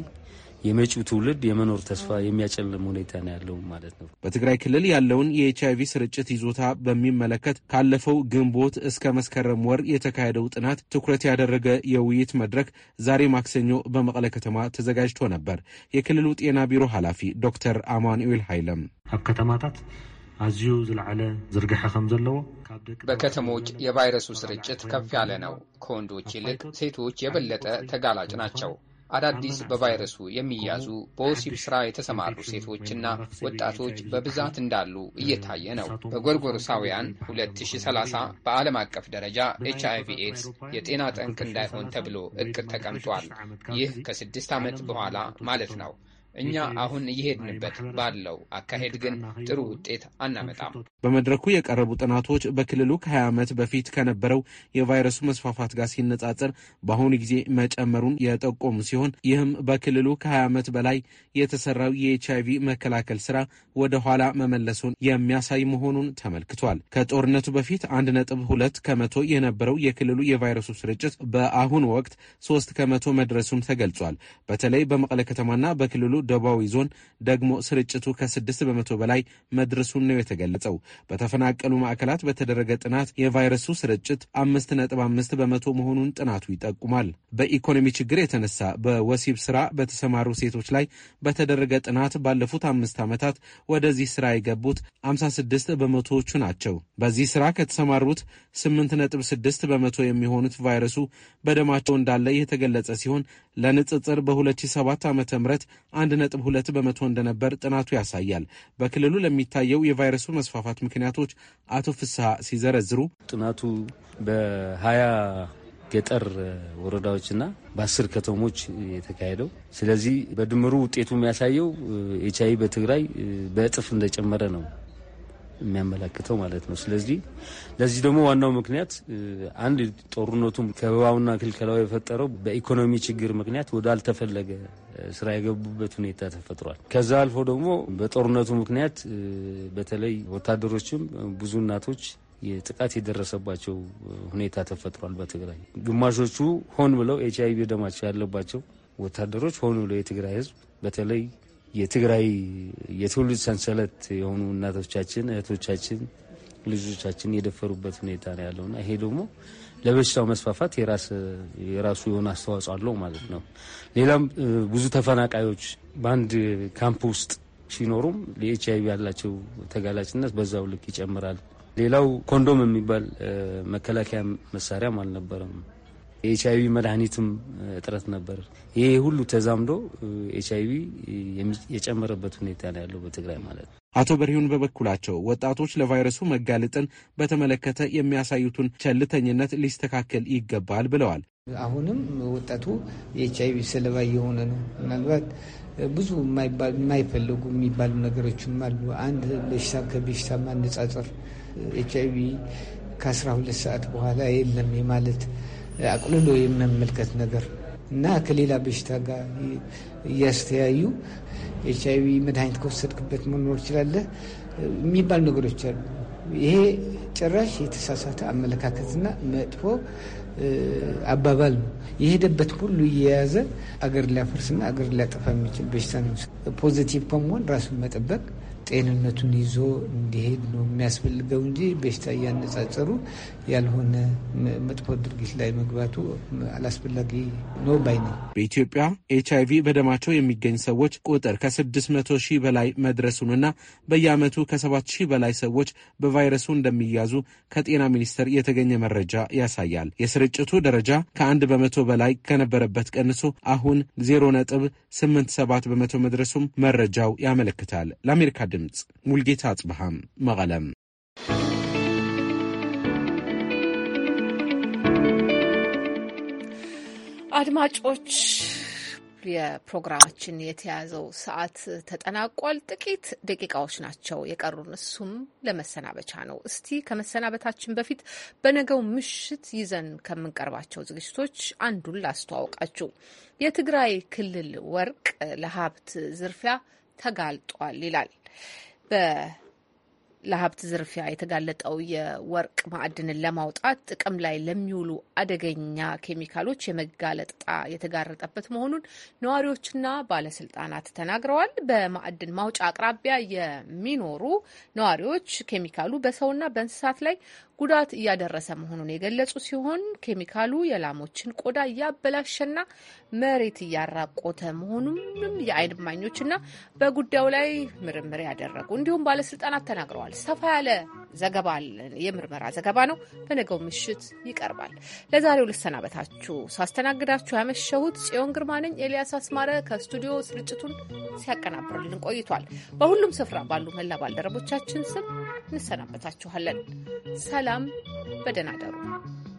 የመጪው ትውልድ የመኖር ተስፋ የሚያጨልም ሁኔታ ነው ያለው ማለት ነው። በትግራይ ክልል ያለውን የኤች አይቪ ስርጭት ይዞታ በሚመለከት ካለፈው ግንቦት እስከ መስከረም ወር የተካሄደው ጥናት ትኩረት ያደረገ የውይይት መድረክ ዛሬ ማክሰኞ በመቀለ ከተማ ተዘጋጅቶ ነበር። የክልሉ ጤና ቢሮ ኃላፊ ዶክተር አማኑኤል ኃይለም ኣብ ከተማታት ኣዝዩ ዝለዓለ ዝርግሐ ከም ዘለዎ በከተሞች የቫይረሱ ስርጭት ከፍ ያለ ነው። ከወንዶች ይልቅ ሴቶች የበለጠ ተጋላጭ ናቸው። አዳዲስ በቫይረሱ የሚያዙ በወሲብ ስራ የተሰማሩ ሴቶችና ወጣቶች በብዛት እንዳሉ እየታየ ነው። በጎርጎሮሳውያን 2030 በዓለም አቀፍ ደረጃ ኤች አይቪ ኤድስ የጤና ጠንቅ እንዳይሆን ተብሎ እቅድ ተቀምጧል። ይህ ከስድስት ዓመት በኋላ ማለት ነው። እኛ አሁን እየሄድንበት ባለው አካሄድ ግን ጥሩ ውጤት አናመጣም። በመድረኩ የቀረቡ ጥናቶች በክልሉ ከ20 ዓመት በፊት ከነበረው የቫይረሱ መስፋፋት ጋር ሲነጻጸር በአሁኑ ጊዜ መጨመሩን የጠቆሙ ሲሆን ይህም በክልሉ ከ20 ዓመት በላይ የተሰራው የኤች አይቪ መከላከል ስራ ወደ ኋላ መመለሱን የሚያሳይ መሆኑን ተመልክቷል። ከጦርነቱ በፊት 1.2 ከመቶ የነበረው የክልሉ የቫይረሱ ስርጭት በአሁኑ ወቅት 3 ከመቶ መድረሱም ተገልጿል። በተለይ በመቀለ ከተማና በክልሉ ደቡባዊ ዞን ደግሞ ስርጭቱ ከስድስት በመቶ በላይ መድረሱን ነው የተገለጸው። በተፈናቀሉ ማዕከላት በተደረገ ጥናት የቫይረሱ ስርጭት አምስት ነጥብ አምስት በመቶ መሆኑን ጥናቱ ይጠቁማል። በኢኮኖሚ ችግር የተነሳ በወሲብ ስራ በተሰማሩ ሴቶች ላይ በተደረገ ጥናት ባለፉት አምስት ዓመታት ወደዚህ ስራ የገቡት 56 በመቶዎቹ ናቸው። በዚህ ስራ ከተሰማሩት 8.6 በመቶ የሚሆኑት ቫይረሱ በደማቸው እንዳለ የተገለጸ ሲሆን ለንጽጽር በ2007 ዓ ም ነጥብ ሁለት በመቶ እንደነበር ጥናቱ ያሳያል። በክልሉ ለሚታየው የቫይረሱ መስፋፋት ምክንያቶች አቶ ፍስሐ ሲዘረዝሩ ጥናቱ በሀያ ገጠር ወረዳዎችና በአስር ከተሞች የተካሄደው ስለዚህ በድምሩ ውጤቱ የሚያሳየው ኤች አይ በትግራይ በእጥፍ እንደጨመረ ነው የሚያመላክተው ማለት ነው። ስለዚህ ለዚህ ደግሞ ዋናው ምክንያት አንድ ጦርነቱም ከበባውና ክልከላው የፈጠረው በኢኮኖሚ ችግር ምክንያት ወዳልተፈለገ ስራ የገቡበት ሁኔታ ተፈጥሯል። ከዛ አልፎ ደግሞ በጦርነቱ ምክንያት በተለይ ወታደሮችም ብዙ እናቶች ጥቃት የደረሰባቸው ሁኔታ ተፈጥሯል። በትግራይ ግማሾቹ ሆን ብለው ኤች አይቪ ደማቸው ያለባቸው ወታደሮች ሆን ብለው የትግራይ ህዝብ በተለይ የትግራይ የትውልድ ሰንሰለት የሆኑ እናቶቻችን፣ እህቶቻችን፣ ልጆቻችን የደፈሩበት ሁኔታ ነው ያለውና ይሄ ደግሞ ለበሽታው መስፋፋት የራሱ የሆነ አስተዋጽኦ አለው ማለት ነው። ሌላም ብዙ ተፈናቃዮች በአንድ ካምፕ ውስጥ ሲኖሩም ለኤች አይቪ ያላቸው ተጋላጭነት በዛው ልክ ይጨምራል። ሌላው ኮንዶም የሚባል መከላከያ መሳሪያም አልነበረም። የኤች አይቪ መድኃኒትም እጥረት ነበር። ይሄ ሁሉ ተዛምዶ ኤች አይቪ የጨመረበት ሁኔታ ነው ያለው በትግራይ ማለት ነው። አቶ በሪሁን በበኩላቸው ወጣቶች ለቫይረሱ መጋለጥን በተመለከተ የሚያሳዩትን ቸልተኝነት ሊስተካከል ይገባል ብለዋል። አሁንም ወጣቱ የኤች አይቪ ሰለባ እየሆነ ነው። ምናልባት ብዙ የማይፈለጉ የሚባሉ ነገሮችም አሉ። አንድ በሽታ ከበሽታ ማነጻጸር ኤች አይቪ ከአስራ ሁለት ሰዓት በኋላ የለም ማለት አቁልሎ የመመልከት ነገር እና ከሌላ በሽታ ጋር እያስተያዩ ኤች አይቪ መድኃኒት ከወሰድክበት መኖር ይችላለህ የሚባሉ ነገሮች አሉ። ይሄ ጭራሽ የተሳሳተ አመለካከትና መጥፎ አባባል ነው። የሄደበት ሁሉ እየያዘ አገር ሊያፈርስና አገር ሊያጠፋ የሚችል በሽታ ነው። ፖዚቲቭ ከመሆን ራሱን መጠበቅ ጤንነቱን ይዞ እንዲሄድ ነው የሚያስፈልገው እንጂ በሽታ እያነጻጸሩ ያልሆነ መጥፎ ድርጊት ላይ መግባቱ አላስፈላጊ ነው ባይ ነው። በኢትዮጵያ ኤች አይቪ በደማቸው የሚገኝ ሰዎች ቁጥር ከ600 ሺህ በላይ መድረሱንና በየዓመቱ ከ7 ሺህ በላይ ሰዎች በቫይረሱ እንደሚያዙ ከጤና ሚኒስቴር የተገኘ መረጃ ያሳያል። የስርጭቱ ደረጃ ከአንድ በመቶ በላይ ከነበረበት ቀንሶ አሁን 0 ነጥብ ሰባት በመቶ መድረሱም መረጃው ያመለክታል። ለአሜሪካ ድምፅ ሙልጌታ አጽብሃም መቀለም አድማጮች የፕሮግራማችን የተያዘው ሰዓት ተጠናቋል። ጥቂት ደቂቃዎች ናቸው የቀሩን፣ እሱም ለመሰናበቻ ነው። እስቲ ከመሰናበታችን በፊት በነገው ምሽት ይዘን ከምንቀርባቸው ዝግጅቶች አንዱን ላስተዋውቃችሁ። የትግራይ ክልል ወርቅ ለሀብት ዝርፊያ ተጋልጧል ይላል። ለሀብት ዝርፊያ የተጋለጠው የወርቅ ማዕድንን ለማውጣት ጥቅም ላይ ለሚውሉ አደገኛ ኬሚካሎች የመጋለጥ የተጋረጠበት መሆኑን ነዋሪዎችና ባለስልጣናት ተናግረዋል። በማዕድን ማውጫ አቅራቢያ የሚኖሩ ነዋሪዎች ኬሚካሉ በሰውና በእንስሳት ላይ ጉዳት እያደረሰ መሆኑን የገለጹ ሲሆን ኬሚካሉ የላሞችን ቆዳ እያበላሸና መሬት እያራቆተ መሆኑንም የዓይን እማኞችና በጉዳዩ ላይ ምርምር ያደረጉ እንዲሁም ባለስልጣናት ተናግረዋል። ሰፋ ያለ ዘገባ አለን። የምርመራ ዘገባ ነው። በነገው ምሽት ይቀርባል። ለዛሬው ልሰናበታችሁ። ሳስተናግዳችሁ ያመሸሁት ጽዮን ግርማ ነኝ። ኤልያስ አስማረ ከስቱዲዮ ስርጭቱን ሲያቀናብርልን ቆይቷል። በሁሉም ስፍራ ባሉ መላ ባልደረቦቻችን ስም እንሰናበታችኋለን። ሰላም፣ በደህና እደሩ።